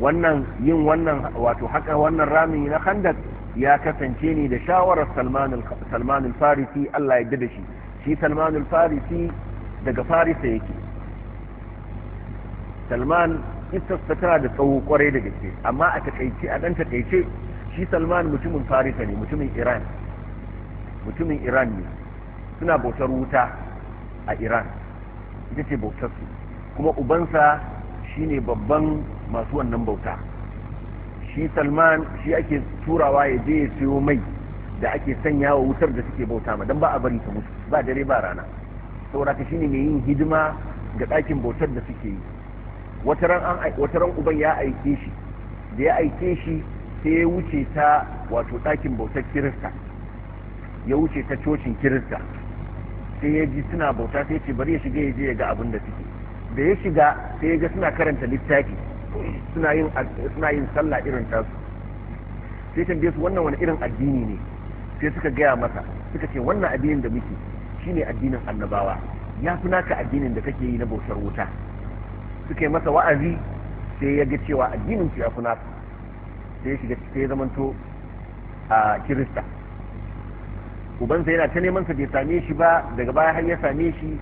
wannan yin wannan wato haka wannan rami na khandak ya kasance ne da shawarar salman al-farisi Allah ya da shi shi salman al-farisi daga farisa yake salman istarsa tana da tsawo kwarai da gaske amma a takaice a dan takaice shi salman mutumin farisa ne mutumin iran mutumin iran ne suna bautar wuta a iran ita ce bautar su kuma ubansa shine babban masu wannan bauta shi salman shi ake turawa ya je ya siyo mai da ake sanya wa wutar da suke bauta ma don ba a bari ta mutu ba dare ba rana saboda ka shine mai yin hidima ga ɗakin bautar da suke yi wata ran uban ya aike shi da ya aike shi sai ya wuce ta wato ɗakin bautar kirista ya wuce ta cocin kirista sai ya ji suna bauta sai ce bari ya shiga ya je ya ga abin da suke da ya shiga sai ya ga suna karanta littafi suna yin sallah irin ta sai tambaye su wannan wani irin addini ne sai suka gaya masa suka ce wannan addinin da muke shine addinin annabawa ya fi naka addinin da kake yi na bautar wuta suka yi masa wa'azi sai ya ga cewa addinin ya fi naka sai ya shiga cikin zaman zamanto a kirista ubansa yana ta neman sa bai same shi ba daga baya har ya same shi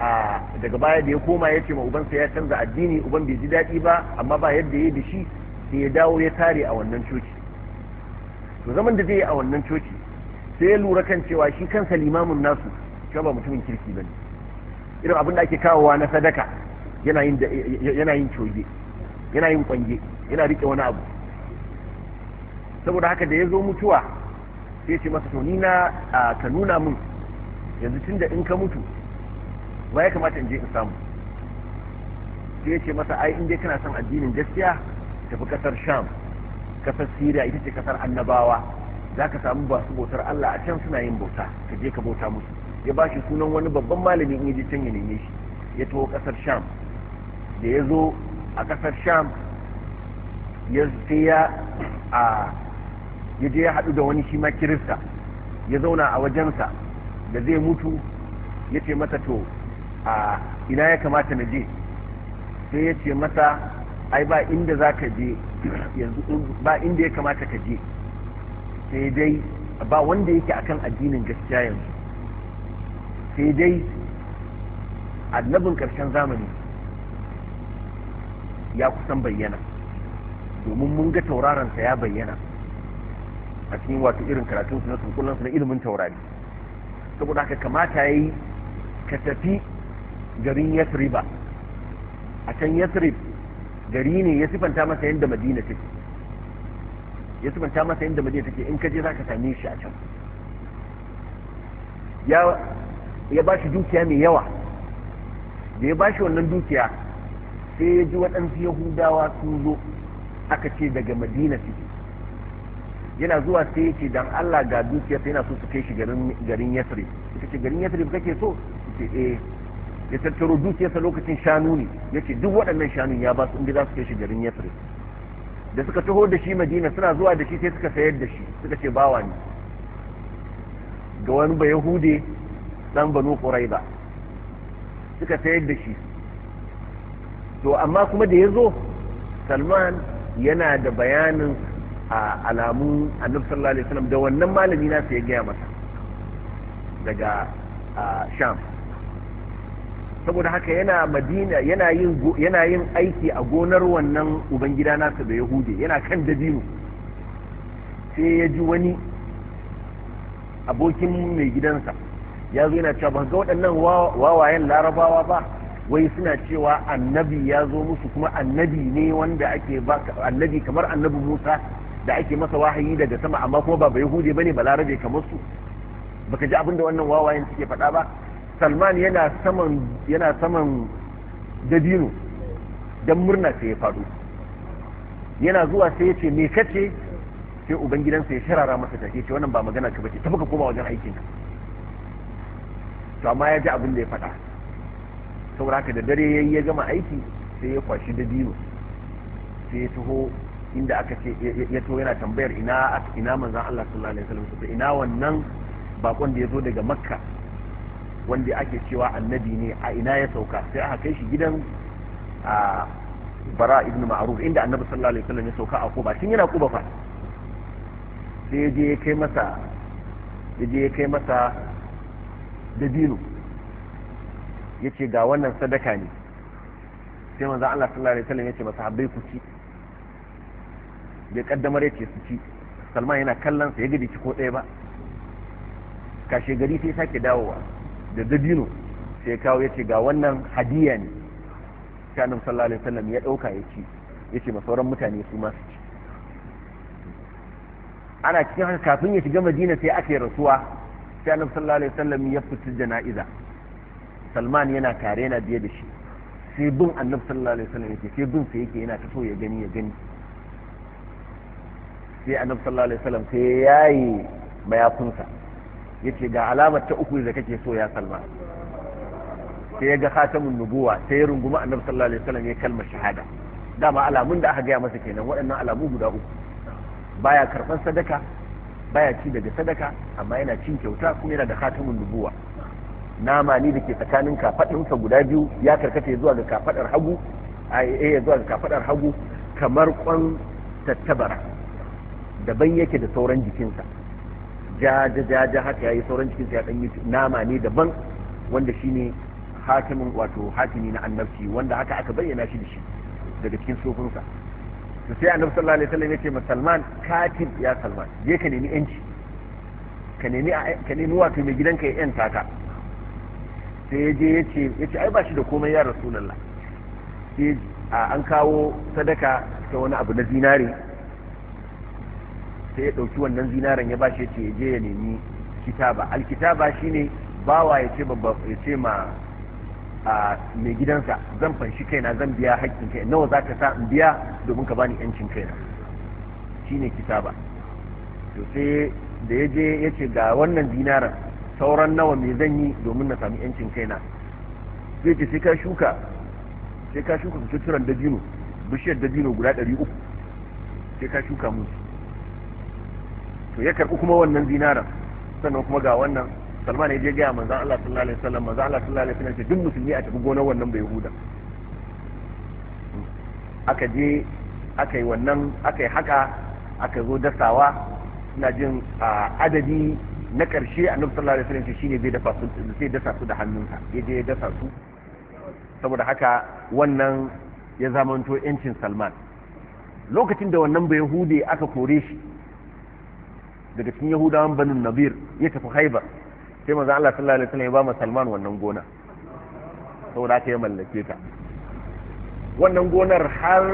a daga baya da ya koma ya ce ma ubansa ya canza addini uban bai ji daɗi ba amma ba yadda ya da shi sai ya dawo ya tare a wannan coci to zaman da zai yi a wannan coci sai ya lura kan cewa shi kansa limamin nasu cewa ba mutumin kirki ba ne irin abin da ake kawowa na sadaka yana yin coge yana yin kwange yana riƙe wani abu saboda haka da ya zo mutuwa sai ya ce masa to ni na ka nuna min yanzu tun da in ka mutu ba ya kamata in je in samu sai ya masa ai in dai kana son addinin gaskiya tafi kasar sham kasar syria ita ce kasar annabawa za ka samu su bautar allah a can suna yin bauta ka je ka bauta musu ya ba shi sunan wani babban malami in je can ya neme shi ya taho kasar sham da ya zo a kasar sham ya sai ya a ya je ya haɗu da wani shi ma kirista ya zauna a wajensa da zai mutu ya ce mata to a ina ya kamata na je sai ya ce masa ai ba inda za ka je yanzu ba inda ya kamata ka je sai dai ba wanda yake akan addinin gaskiya yanzu sai dai annabin ƙarshen zamani ya kusan bayyana domin mun ga tauraronsa ya bayyana a cikin wato irin karatunsu na tunkulansu na ilimin taurari saboda haka kamata ya yi ka tafi garin yasriba a can yasrib gari ne ya sifanta masa yadda madina take ya sifanta masa yadda madina take in kaje za ka same shi a can ya ba shi dukiya mai yawa da ya ba shi wannan dukiya sai ya ji waɗansu yahudawa sun zo aka ce daga madina suke yana zuwa sai ya ce don allah ga dukiya sai yana so su kai shi garin yasri ita ce garin yasrib kake so su ce eh ya tattaro dukiyarsa lokacin shanu ne ya ce duk waɗannan shanu ya ba su inda za su kai shi garin da suka taho da shi madina suna zuwa da shi sai suka sayar da shi suka ce bawa ne ga wani ba yahude bano banu ba suka sayar da shi to amma kuma da ya zo salman yana da bayanin a alamun annabi sallallahu alaihi wasallam da wannan malami na sai ya gaya masa daga sham saboda haka yana madina yana yin yana yin aiki a gonar wannan ubangida nasa da yahudi yana kan dabino sai ya ji wani abokin mai gidansa ya zo yana cewa ba ga waɗannan wawayen larabawa ba wai suna cewa annabi ya zo musu kuma annabi ne wanda ake ba annabi kamar annabi musa da ake masa wahayi daga sama amma kuma ba bai hude bane ba larabe kamar su baka ji abinda da wannan wawayen suke faɗa ba salman yana saman yana saman dabino don murna sai ya faɗo yana zuwa sai ya ce me kace sai ubangidansa ya sharara masa take ce wannan ba magana ka bace tafi ka koma wajen aikin ka to amma ya ji abin da ya faɗa sauraka da dare yayi ya gama aiki sai ya kwashi dabino sai ya taho inda aka ce ya to yana tambayar ina ina manzon Allah sallallahu alaihi wasallam ina wannan bakon da ya zo daga makka wanda ake cewa annabi ne a ina ya sauka sai aka kai shi gidan a bara ibn ma'ruf inda annabi sallallahu alaihi wasallam ya sauka a kuba tun yana kuba fa sai je ya kai masa ya je ya kai masa dabino yace ga wannan sadaka ne sai manzo Allah sallallahu alaihi wasallam yace masa habbai ku ci bai kaddamar yace su ci Salman yana kallon sa ya gidi ci ko ɗaya ba kashe gari sai sake dawowa da dabino sai kawo ya ce ga wannan hadiya ne sai annabi sallallahu alaihi wasallam ya dauka ya ci ya ce ma sauran mutane su ma su ci ana cikin haka kafin ya shiga madina sai aka yi rasuwa sai annabi sallallahu alaihi wasallam ya da jana'iza salman yana tare yana biye da shi sai bin annabi sallallahu alaihi wasallam yake sai bin sai yake yana ta so ya gani ya gani sai annabi sallallahu alaihi wasallam sai yayi mayafinsa ya ce ga alamar ta uku da kake so ya salma sai ya ga khatamun nubuwa sai ya runguma annabi sallallahu alaihi wasallam ya kalma shahada dama alamun da aka gaya masa kenan waɗannan alamu guda uku baya karɓar sadaka baya ci daga sadaka amma yana cin kyauta kuma yana da khatamun nubuwa nama ni da ke tsakanin kafaɗinsa guda biyu ya karkata zuwa ga kafaɗar hagu a ya eh, zuwa ga kafaɗar hagu kamar kwan tattabara daban yake da sauran jikinsa jaja jaja haka yayi sauran cikin ya dan yi nama ne daban wanda shine hakimin wato hakimi na annabci wanda haka aka bayyana shi da shi daga cikin sofinsa to sai annabi sallallahu alaihi wasallam yace ma Salman katib ya Salman je ka nemi yanci ka nemi ka nemi wato mai gidanka ya yanta ka sai je yace yace ai ba shi da komai ya rasulullah sai an kawo sadaka ta wani abu na dinari sai ya ɗauki wannan zinaren ya bashi ce ya je ya nemi kitaba alkitaba shine bawa ya ce ya ce ma a mai gidansa zan fanshi kaina zan biya haƙƙin kai nawa za ka sa in biya domin ka bani yancin kaina shine kitaba to sai da ya je ya ce ga wannan zinaran sauran nawa me zan yi domin na sami yancin kaina zai ce sai ka shuka sai ka shuka kututturan dabino bishiyar dabino guda ɗari uku sai ka shuka musu to ya karɓi kuma wannan zinaran sannan kuma ga wannan salman ya je gaya manzan Allah sallallahu alaihi wasallam manzan Allah sallallahu alaihi wasallam ce duk musulmi a tafi gonar wannan bai huda aka je aka yi wannan aka yi haka aka zo dasawa ina jin a adadi na karshe nufin sallallahu alaihi wasallam shine zai dafa su zai dasa su da hannunsa ya je ya dasa su saboda haka wannan ya zamanto yancin salman lokacin da wannan bai hude aka kore shi daga cikin yahudawan banin nabir ya tafi haibar sai maza Allah sallallahu alaihi wasallam ya ba Salman wannan gona saboda aka ya mallake ta wannan gonar har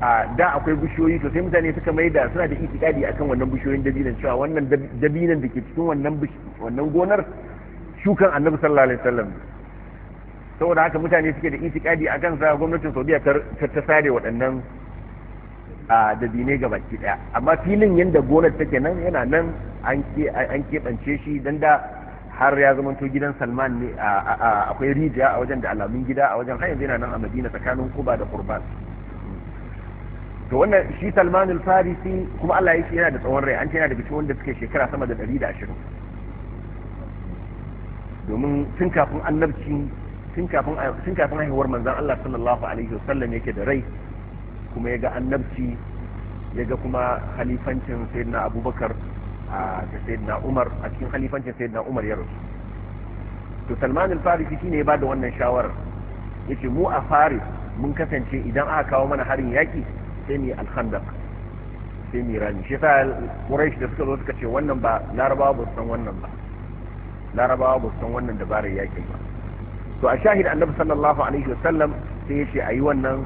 a da akwai bishiyoyi to sai mutane suka maida suna da itikadi akan wannan bishiyoyin dabinan cewa wannan dabinan da ke cikin wannan wannan gonar shukan annabi sallallahu alaihi wasallam saboda haka mutane suke da itikadi akan sa gwamnatin Saudiya ta ta sare waɗannan da dine ga baki daya amma filin yadda gonar take nan yana nan an keɓance shi don da har ya zama to gidan salman ne akwai rijiya a wajen da alamun gida a wajen hanyar yana nan a madina tsakanin kuba da kurban to wannan shi salman al-farisi kuma allah ya ce yana da tsawon rai an ce yana da cikin wanda suke shekara sama da 120 domin tun kafin annabci tun kafin haihuwar manzan allah sallallahu alaihi wasallam yake da rai kuma ya ga annabci ya ga kuma halifancin sayyidina abubakar da sayyidina umar a cikin halifancin sayyidina umar ya rasu to salman al-farisi shine ya bada wannan shawarar yace mu a faris mun kasance idan aka kawo mana harin yaki sai mu al-khandaq sai mu rani shi sa quraish da suka zo suka ce wannan ba larabawa ba san wannan ba larabawa ba san wannan dabarar yakin ba to a shahid annabi sallallahu alaihi wasallam sai yace ayi wannan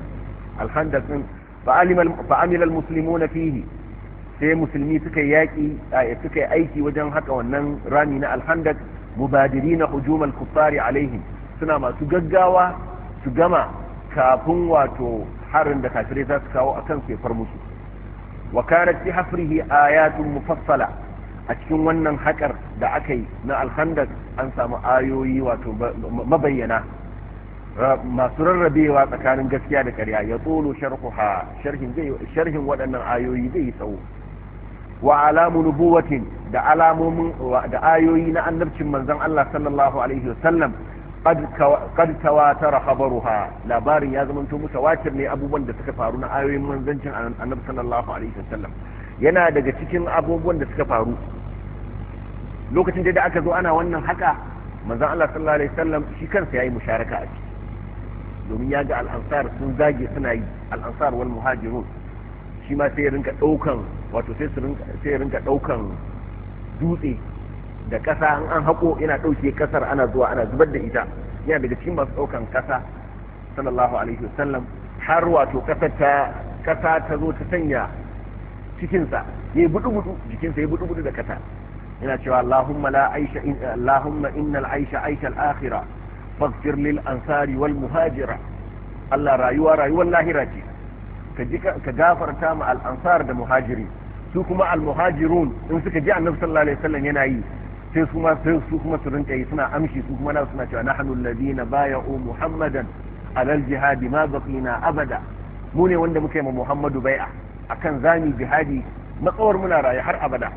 alhandas din fa'amil almuslimuna fihi sai musulmi suka yaki suka aiki wajen haka wannan rami na alhandas na hujumal kuffari alaihim suna masu gaggawa su gama kafin wato harin da kafirai za su kawo akan sefar musu wa kanat fi hafrihi ayatun mufassala a cikin wannan haƙar da aka yi na alhandas an samu ayoyi wato mabayyana masu rarrabewa tsakanin gaskiya da ƙarya ya tsolo sharhuha sharhin waɗannan ayoyi zai tsawo wa alamu nubuwatin da alamomin da ayoyi na annabcin manzon Allah sallallahu alaihi wasallam qad tawatara khabaruha labarin ya zama to mutawatir ne abubuwan da suka faru na ayoyin manzancin annab sallallahu alaihi wasallam yana daga cikin abubuwan da suka faru lokacin da aka zo ana wannan haka manzon Allah sallallahu alaihi wasallam shi kansa yayi musharaka a ciki domin ya ga al'ansar sun zage suna yi al'ansar wal muhajirun shi ma sai rinka daukan wato sai rinka daukan dutse da kasa an an hako yana dauke kasar ana zuwa ana zubar da ita yana daga cikin masu daukan kasa sallallahu alaihi wasallam har wato kasa ta kasa ta zo ta sanya cikinsa yayi budu budu jikinsa yayi budu budu da kasa yana cewa Allahumma la aisha Allahumma innal aisha aisha al-akhirah faghfir lil ansari wal muhajira Allah rayuwa rayuwar lahira ce ka gafarta ma al ansar da muhajiri su kuma al muhajirun in suka ji annabi sallallahu alaihi wasallam yana yi sai su ma sai su kuma su rinka yi suna amshi su kuma na suna cewa nahnu alladhina bay'u muhammadan alal jihadi ma baqina abada mu ne wanda muka yi ma muhammadu bai'a akan zami jihadi matsawar muna raye har abada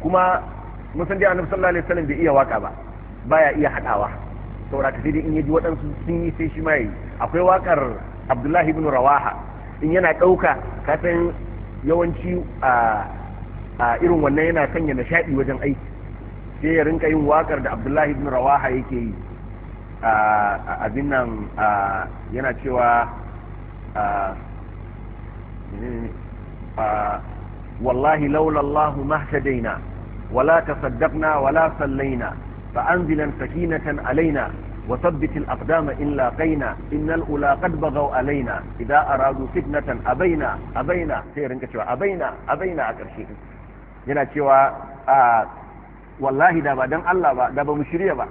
kuma mun san dai annabi sallallahu alaihi wasallam bai iya waka ba baya iya hadawa saboda ka daidai in yaji waɗansu sun yi sai shi ma yi akwai wakar abdullahi ibn rawaha in yana ɗauka kafin yawanci a irin wannan yana sanya nishaɗi wajen aiki sai ya rinka yin wakar da abdullahi ibn rawaha yake yi a abin nan yana cewa wallahi laula Allah mahtadaina wala tasaddaqna wala sallaina فأنزلا سكينة علينا وثبت الأقدام إن لاقينا إن الأولى قد بغوا علينا إذا أرادوا فتنة أبينا أبينا سيرنك شوى أبينا أبينا أكرشيه yana cewa a wallahi da ba don Allah ba da ba mu shirya ba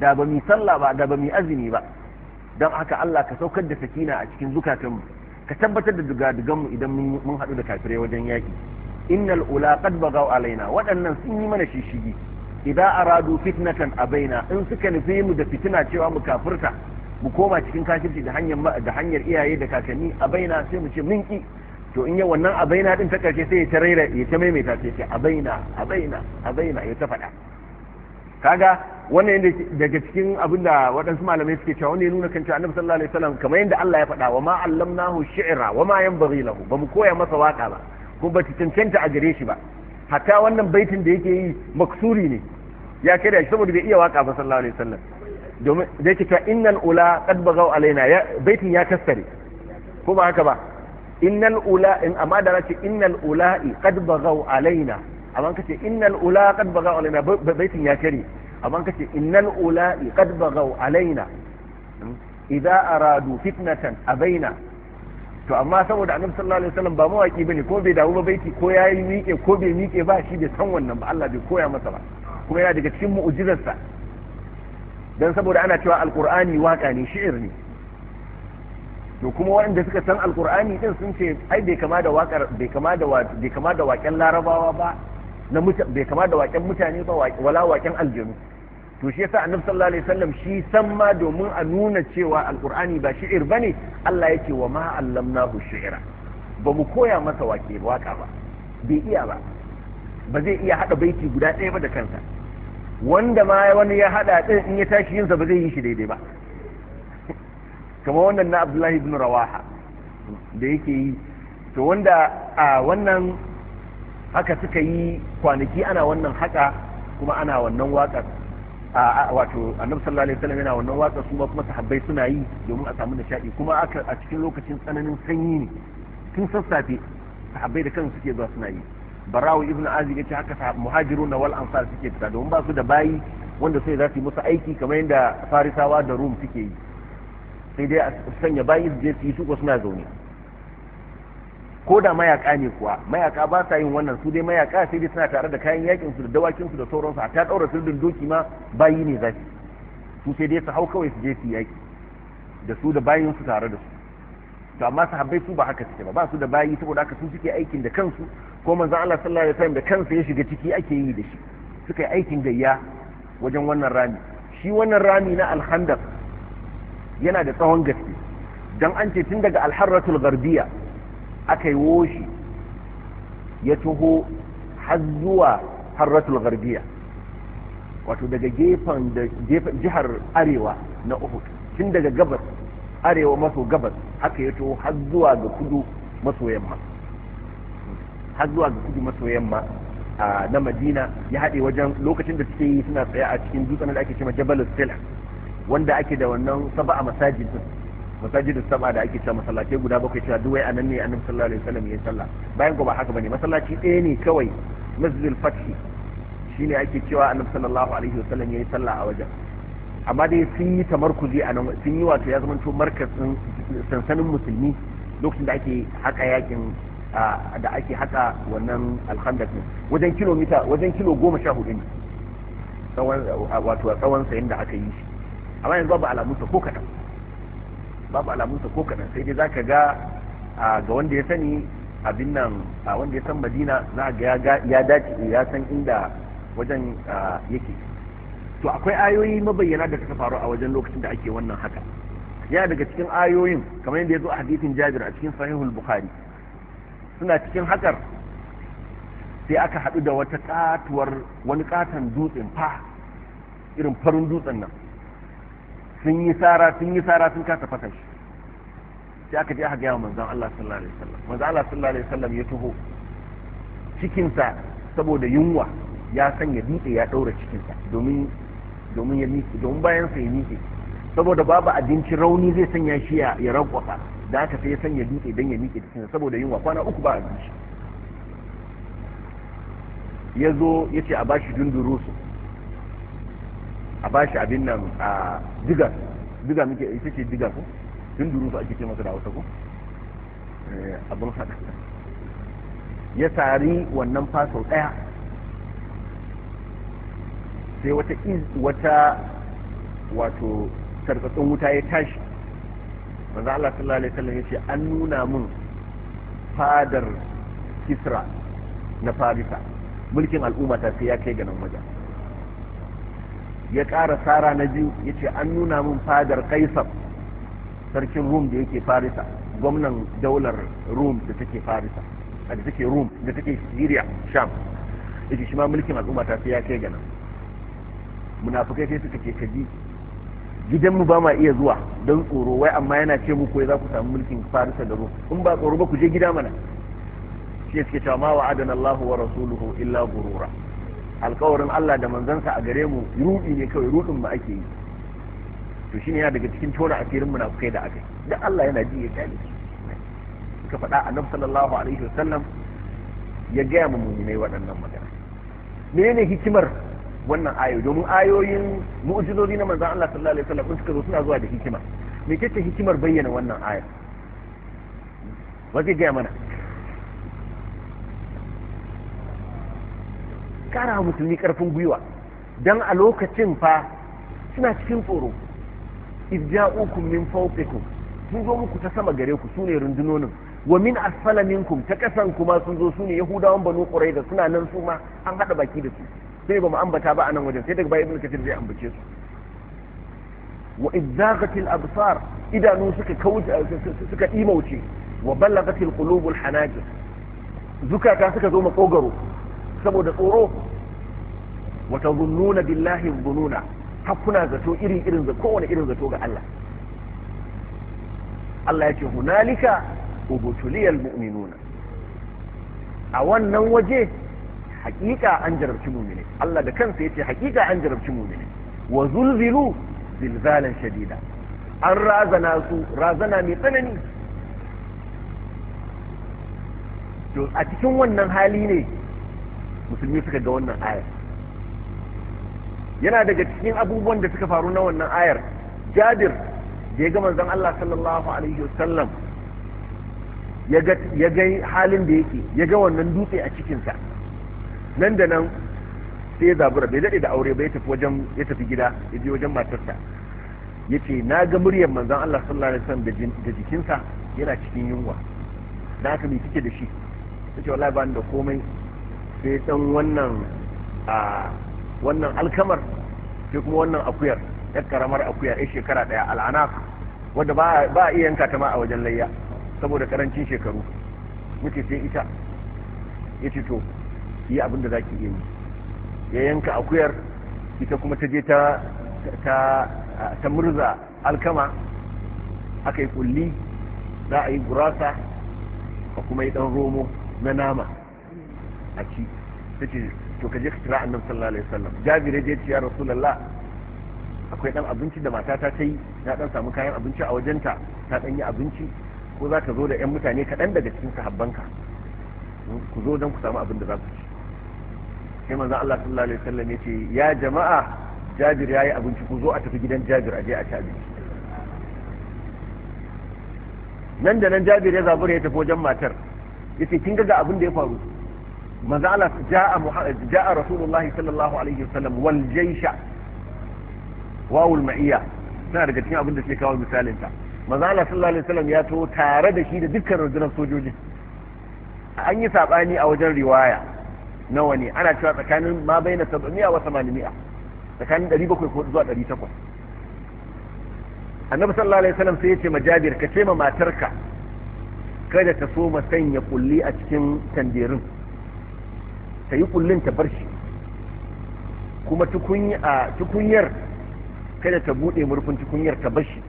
da ba mu sallah ba da ba mu azumi ba don haka Allah ka saukar da sakina a cikin zukatanmu ka tabbatar da mu idan mun haɗu da kafirai wajen yaƙi innal alaina waɗannan sun yi mana shishigi idan aradu fitnatan a baina in suka nufi mu da fitina cewa mu kafirta mu koma cikin kafirci da hanyar da hanyar iyaye da kakanni a baina sai mu ce mun ki to in yi wannan a baina din ta karshe sai ya ta ya ta maimaita sai ce a baina a baina a baina ya ta faɗa kaga wannan yadda daga cikin abin da waɗansu malamai suke cewa wanda ya nuna kan cewa annabi sallallahu alaihi wasallam kamar yadda Allah ya faɗa wa ma allamnahu shi'ra wa ma yanbaghi lahu ba mu koya masa waka ba ko ba ta cancanta a gare shi ba hatta wannan baitin da yake yi maksuri ne ya karya shi saboda bai iya waka ba sallallahu alaihi wasallam domin zai ce innal ula qad bagaw alaina ya baitin ya kassare ko ba haka ba innal ula in amma da nace innal ula'i qad bagaw alaina amma ka kace innal ula qad bagaw alaina baitin ya kare amma ka kace innal ula'i qad bagaw alaina hmm, idza aradu fitnatan abaina to amma saboda annabi sallallahu alaihi wasallam ba mawaki bane ko bai dawo ba baiti ko yayi miƙe ko bai miƙe ba shi bai san wannan ba Allah bai koya masa ba kuma yana daga cikin mu'jizarsa don saboda ana cewa alqur'ani waka ne shi'ir ne to kuma waɗanda suka san alqur'ani din sun ce ai bai kama da wakar bai kama da bai kama da waken larabawa ba na bai kama da waken mutane ba wala waken aljanu to shi yasa annabi sallallahu alaihi wasallam shi san ma domin a nuna cewa alqur'ani ba shi'ir bane Allah yake wa ma allamnahu shi'ra ba mu koya masa wake waka ba bai iya ba ba zai iya hada baiti guda ɗaya ba da kansa wanda ma wani ya hada din in ya tashi yinsa ba zai yi shi daidai ba kama wannan na abdullahi ibn rawaha da yake yi to wanda a wannan haka suka yi kwanaki ana wannan haka kuma ana wannan a wato annabi sallallahu alaihi wasallam yana wannan waka su kuma sahabbai suna yi domin a samu nishadi kuma a cikin lokacin tsananin sanyi ne tun sassafe sahabbai da kansu suke zuwa suna yi barawu ibn azib yace haka muhajirun wal ansar suke fita domin ba su da bayi wanda sai za su yi musu aiki kamar yadda farisawa da rum suke yi sai dai a sanya bayi su je su yi ko suna zaune ko da mayaka ne kuwa mayaka ba sa yin wannan su dai mayaka sai dai suna tare da kayan yakin su da dawakin su da sauransu a ta daura sirdin doki ma bayi ne su su sai dai su hau kawai su je su yaki da su da bayin su tare da su to amma sahabbai su ba haka suke ba ba su da bayi saboda haka su suke aikin da kansu ko manzo Allah sallallahu alaihi wasallam da kansa ya shiga ciki ake yi da shi suka yi aikin gayya wajen wannan rami shi wannan rami na alhandar yana da tsawon gaske don an ce tun daga alharratul gardiya aka yi woshi ya taho har zuwa harratul wato daga gefen da jihar arewa na uhud tun daga gabas arewa maso gabas aka ya taho har zuwa ga kudu maso yamma har zuwa ga kudu maso yamma na madina ya haɗe wajen lokacin da suke yi suna tsaye a cikin dutsen da ake cewa jabal sila wanda ake da wannan saba a masajid masajid saba da ake cewa masallaci guda bakwai cewa duwai a nan ne annabi sallallahu alaihi wasallam ya sallah bayan ko ba haka bane masallaci ɗaya ne kawai masjidul fathi shine ake cewa annabi sallallahu alaihi wasallam ya sallah a wajen amma dai sun yi tamarkuzi a nan sun yi wato ya zama to markazin sansanin musulmi lokacin da ake haka yakin da ake haka wannan alhandak ne wajen kilomita wajen kilo goma sha hudu ne wato tsawon sayin da aka yi shi amma yanzu babu alamunsa ko kaɗan babu alamunsa ko kaɗan sai dai za ka ga ga wanda ya sani abin nan a wanda ya san madina za ga ya dace ya san inda wajen yake to akwai ayoyi mabayyana da suka faru a wajen lokacin da ake wannan haka yana daga cikin ayoyin kamar yadda ya zo a hadithin jabir a cikin sahihul bukhari suna cikin hakar sai aka haɗu da wata katuwar wani katon dutsen fa irin farin dutsen nan sun yi tsara sun yi tsara sun kasa fata shi sai aka je aka gaya manzan Allah sallallahu alaihi wasallam manzan Allah sallallahu alaihi wasallam ya taho cikinsa saboda yunwa ya sanya dutse ya ɗaura cikinsa domin domin ya miki domin bayan sa ya miƙe saboda babu abinci rauni zai sanya shi ya rankwafa da aka sai ya sanya dutse don ya miƙe cikin saboda yunwa kwana uku ba abinci ya zo ya ce a bashi dundurusu a bashi abin nan a diga diga muke ita ce diga ko dundurusu ake ce masa da hausa ko eh, abin haɗa ya tari wannan faso ɗaya sai wata wata wato tarkatsun wuta ya tashi manzo Allah sallallahu alaihi wasallam yace an nuna mun fadar Kisra na Farisa mulkin al'umma ta sai ya kai ga nan wajen ya ƙara sara na biyu yace an nuna mun fadar Kaisar sarkin Rum da yake Farisa gwamnan daular Rum da take Farisa da take Rum da take Syria Sham yace shi ma mulkin al'umma ta sai ya kai ga nan munafikai sai suka ce kaji gidanmu ba ma iya zuwa don tsoro wai amma yana ce muku za ku samu mulkin farisa da ruwa in ba tsoro ba ku je gida mana shi suke cewa ma wa'adana Allah wa rasuluhu illa gurura alkawarin Allah da manzansa a gare mu rudi ne kawai rudin mu ake yi to shine yana daga cikin tona asirin kai da akai don Allah yana ji ya kale suka faɗa annabi sallallahu alaihi wasallam ya gaya mu mu'minai waɗannan magana menene hikimar wannan ayoyi domin ayoyin mu'jizozi na manzon Allah sallallahu alaihi wasallam suka zo suna zuwa da hikima me kake hikimar bayyana wannan aya wace gaya mana kara musulmi karfin gwiwa dan a lokacin fa suna cikin tsoro ukun min fawqikum sun zo muku ta sama gare ku sune rundunonin wa min asfala minkum ta kasan kuma sun zo sune yahudawan banu da suna nan su ma an haɗa baki da su sai ba mu ambata ba a nan wajen sai daga baya ibn kathir zai ambace su wa idzaqatil absar idanu suka kauce suka imauce wa ballagatil qulubul hanajir zukata suka zo makogaro saboda tsoro wa tazunnuna billahi dhununa hakuna zato irin irin zato kowane irin zato ga Allah Allah ya ce hunalika ubutuliyal mu'minuna a wannan waje hakika an jarabci mu'mini Allah da kansa yace hakika an jarabci mu'mini wa zulzilu zilzalan shadida an razana su razana mai tsanani to a cikin wannan hali ne musulmi suka ga wannan ayar yana daga cikin abubuwan da suka faru na wannan ayar jabir da ya ga manzon Allah sallallahu alaihi wasallam ya ga halin da yake ya ga wannan dutse a cikinsa nan da nan sai ya zabura bai daɗe da aure ba ya tafi wajen ya tafi gida ya je wajen matarsa ya ce na ga muryar manzan Allah sallallahu alaihi wasallam da jikinsa yana cikin yunwa da haka mai kike da shi ta ce wallahi ba da komai sai dan wannan a wannan alkamar sai kuma wannan akuyar yar karamar akuya yar shekara daya al'anaf wanda ba a iya yanka ta ma a wajen layya saboda karancin shekaru muke sai ita ya ce to yi abin da za ki iya yi ya yanka akuyar ita kuma ta je ta ta murza alkama aka yi kulli za a yi gurasa ka kuma yi dan romo na nama a ci ta ce to ka je ka kira annabi sallallahu alaihi wasallam jabir je ce ya rasulullah akwai dan abinci da matata ta yi na dan samu kayan abinci a wajenta ta dan yi abinci ko za ka zo da yan mutane kaɗan daga cikin sahabbanka ku zo don ku samu abin da za ku ci sai manzon Allah sallallahu alaihi wasallam yace ya jama'a Jabir yayi abinci ku zo a tafi gidan Jabir je a ci abinci nan da nan Jabir ya zabura ya tafi wajen matar yace kin ga abin da ya faru manzo Allah ja'a ja'a Rasulullahi sallallahu alaihi wasallam wal jaysha wawul ma'iyya tana daga cikin abin da ke kawo misalin ta manzo Allah sallallahu alaihi wasallam ya to tare da shi da dukkan rundunar sojoji an yi sabani a wajen riwaya nawa ne ana cewa tsakanin ma bai na saba'miya wa samanimiya tsakanin 700 ko zuwa 800 annabi sallallahu alaihi wasallam sai ya ce ma jabir ka ce ma matarka kada ta so ma sanya kulli a cikin tanderin ta yi kullin ta bar shi kuma tukunyar kada ta bude murfin tukunyar ta bar shi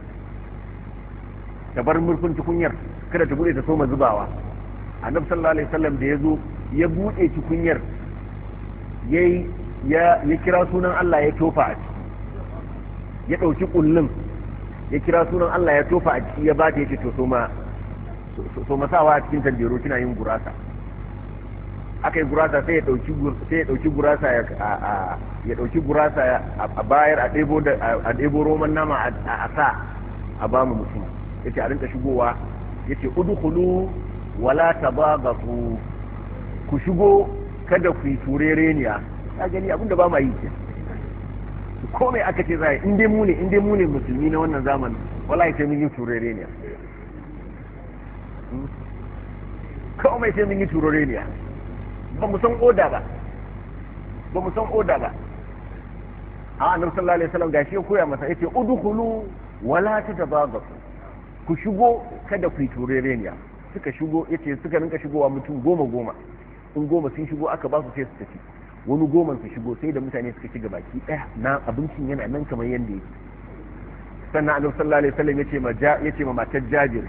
ta bar murfin tukunyar kada ta bude ta so ma zubawa annabi sallallahu alaihi wasallam da ya zo ya buɗe tukunyar ya kira sunan Allah ya tofa a ciki ya ɗauki ƙullin ya kira sunan Allah ya tofa a ciki ya ba ta yake to so masawa a cikin tanjero kina yin gurasa aka yi gurasa sai ya ɗauki gurasa ya ɗauki gurasa a bayar a ɗebo roman nama a sa a ba mu mutum ya ce a rinka shigowa ya ce udukulu wala ta ku. ku shigo kada ku yi turereniya ta gani abinda ba ma yi ce komai aka ce zai inda mu ne inda mu ne musulmi na wannan zaman wala sai mun yi turereniya komai sai mun yi turereniya ba mu san oda ba ba mu san oda ba a annabi sallallahu alaihi wasallam gashi ya koya masa yace udkhulu wala tatabaghasu ku shigo kada ku yi turereniya suka shigo yace suka rinka shigowa mutum goma goma sun goma sun shigo aka ba su sai su tafi wani goman su shigo sai da mutane suka shiga baki ɗaya na abincin yana nan kamar yadda yake sannan annabi sallallahu alaihi wasallam yace ma yace ma matar Jabir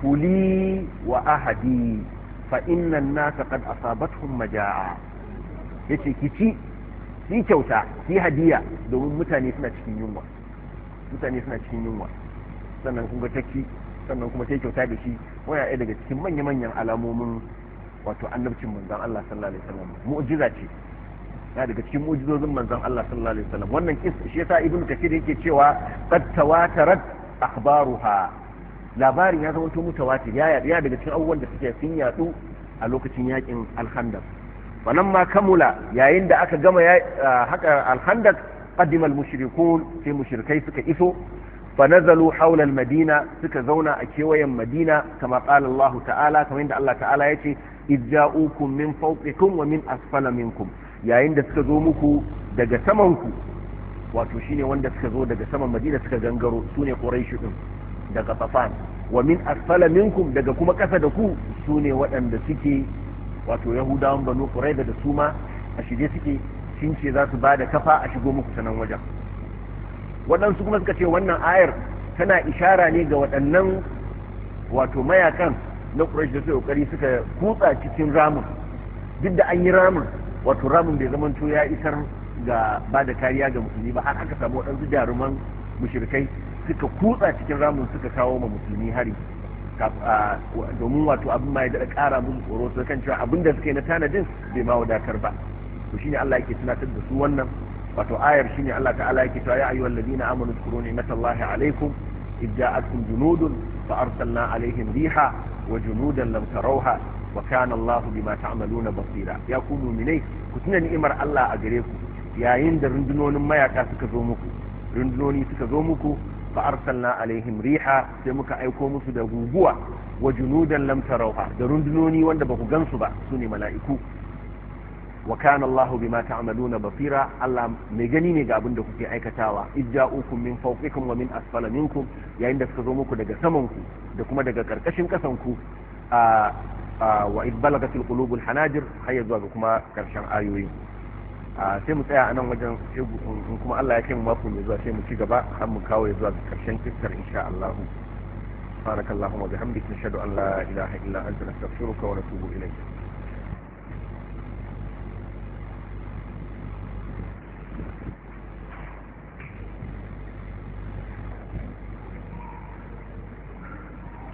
kuli wa ahadi fa inna an-nasa qad asabatuhum majaa yace ki ci ki kyauta ki hadiya domin mutane suna cikin yunwa mutane suna cikin yunwa sannan kun ga taki sannan kuma sai kyauta da shi wani daga cikin manya-manyan alamomin wato annabcin manzan Allah sallallahu alaihi wasallam mu'jiza ce na daga cikin mu'jizozin manzan Allah sallallahu alaihi wasallam wannan kis shi yasa ibn kathir yake cewa qad tawatarat akhbaruha labarin ya zama mutawatir ya ya daga cikin abubuwan da suke sun yadu a lokacin yakin alhandak wannan ma kamula yayin da aka gama haka alhandak khandaq qaddima mushrikun sai mushrikai suka iso fanazalu nazalu madina suka zauna a kewayen madina kama qala Allah ta'ala kamar yadda Allah ta'ala yace idja'ukum min fawqikum wa min asfala minkum yayin da suka zo muku daga samanku wato shine wanda suka zo daga saman madina suka gangaro sune quraishu din daga safan wa min asfala minkum daga kuma kasa da ku sune waɗanda suke wato yahudawan banu quraiza da su ma a shige suke Shin ce za su ba da kafa a shigo muku sanan wajen waɗansu kuma suka ce wannan ayar tana ishara ne ga waɗannan wato mayakan na ƙurashi da suka ƙoƙari suka kutsa cikin ramin duk da an yi ramin wato ramin bai zama ya isar ga ba da kariya ga musulmi ba har aka samu waɗansu jaruman mushrikai suka kutsa cikin ramin suka kawo ma musulmi hari domin wato abin ma ya daɗa ƙara musu tsoro su kan cewa abin da suka yi na tanadin bai ma wadatar ba to shine Allah yake tunatar da su wannan wato ayar shine Allah ta'ala yake cewa ya ayyuhal ladina amanu zkuru ni'matallahi alaykum id ja'atkum junudun fa arsalna alaihim riha wa junudan lam tarawha wa kana Allahu bima ta'maluna basira ya ku mu'minai ku tuna ni'imar Allah a gare ku yayin da rundunonin mayaka suka zo muku rundunoni suka zo muku fa arsalna alaihim riha sai muka aiko musu da guguwa wa junudan lam tarawha da rundunoni wanda ba ku gansu ba sune mala'iku wa kana Allahu bima ta'maluna basira Allah mai gani ne ga abin da kuke aikatawa ijja'ukum min fawqikum wa min asfala minkum yayin da suka zo muku daga saman ku da kuma daga karkashin kasan ku a wa id balagatil qulubul hanajir hayya zuwa ga kuma karshen ayoyi sai mu tsaya a nan wajen in kuma Allah ya kai mu mako mai zuwa sai mu ci gaba har mu kawo zuwa ga karshen kissar insha Allah سبحانك اللهم وبحمدك نشهد ان لا اله الا انت نستغفرك ونتوب اليك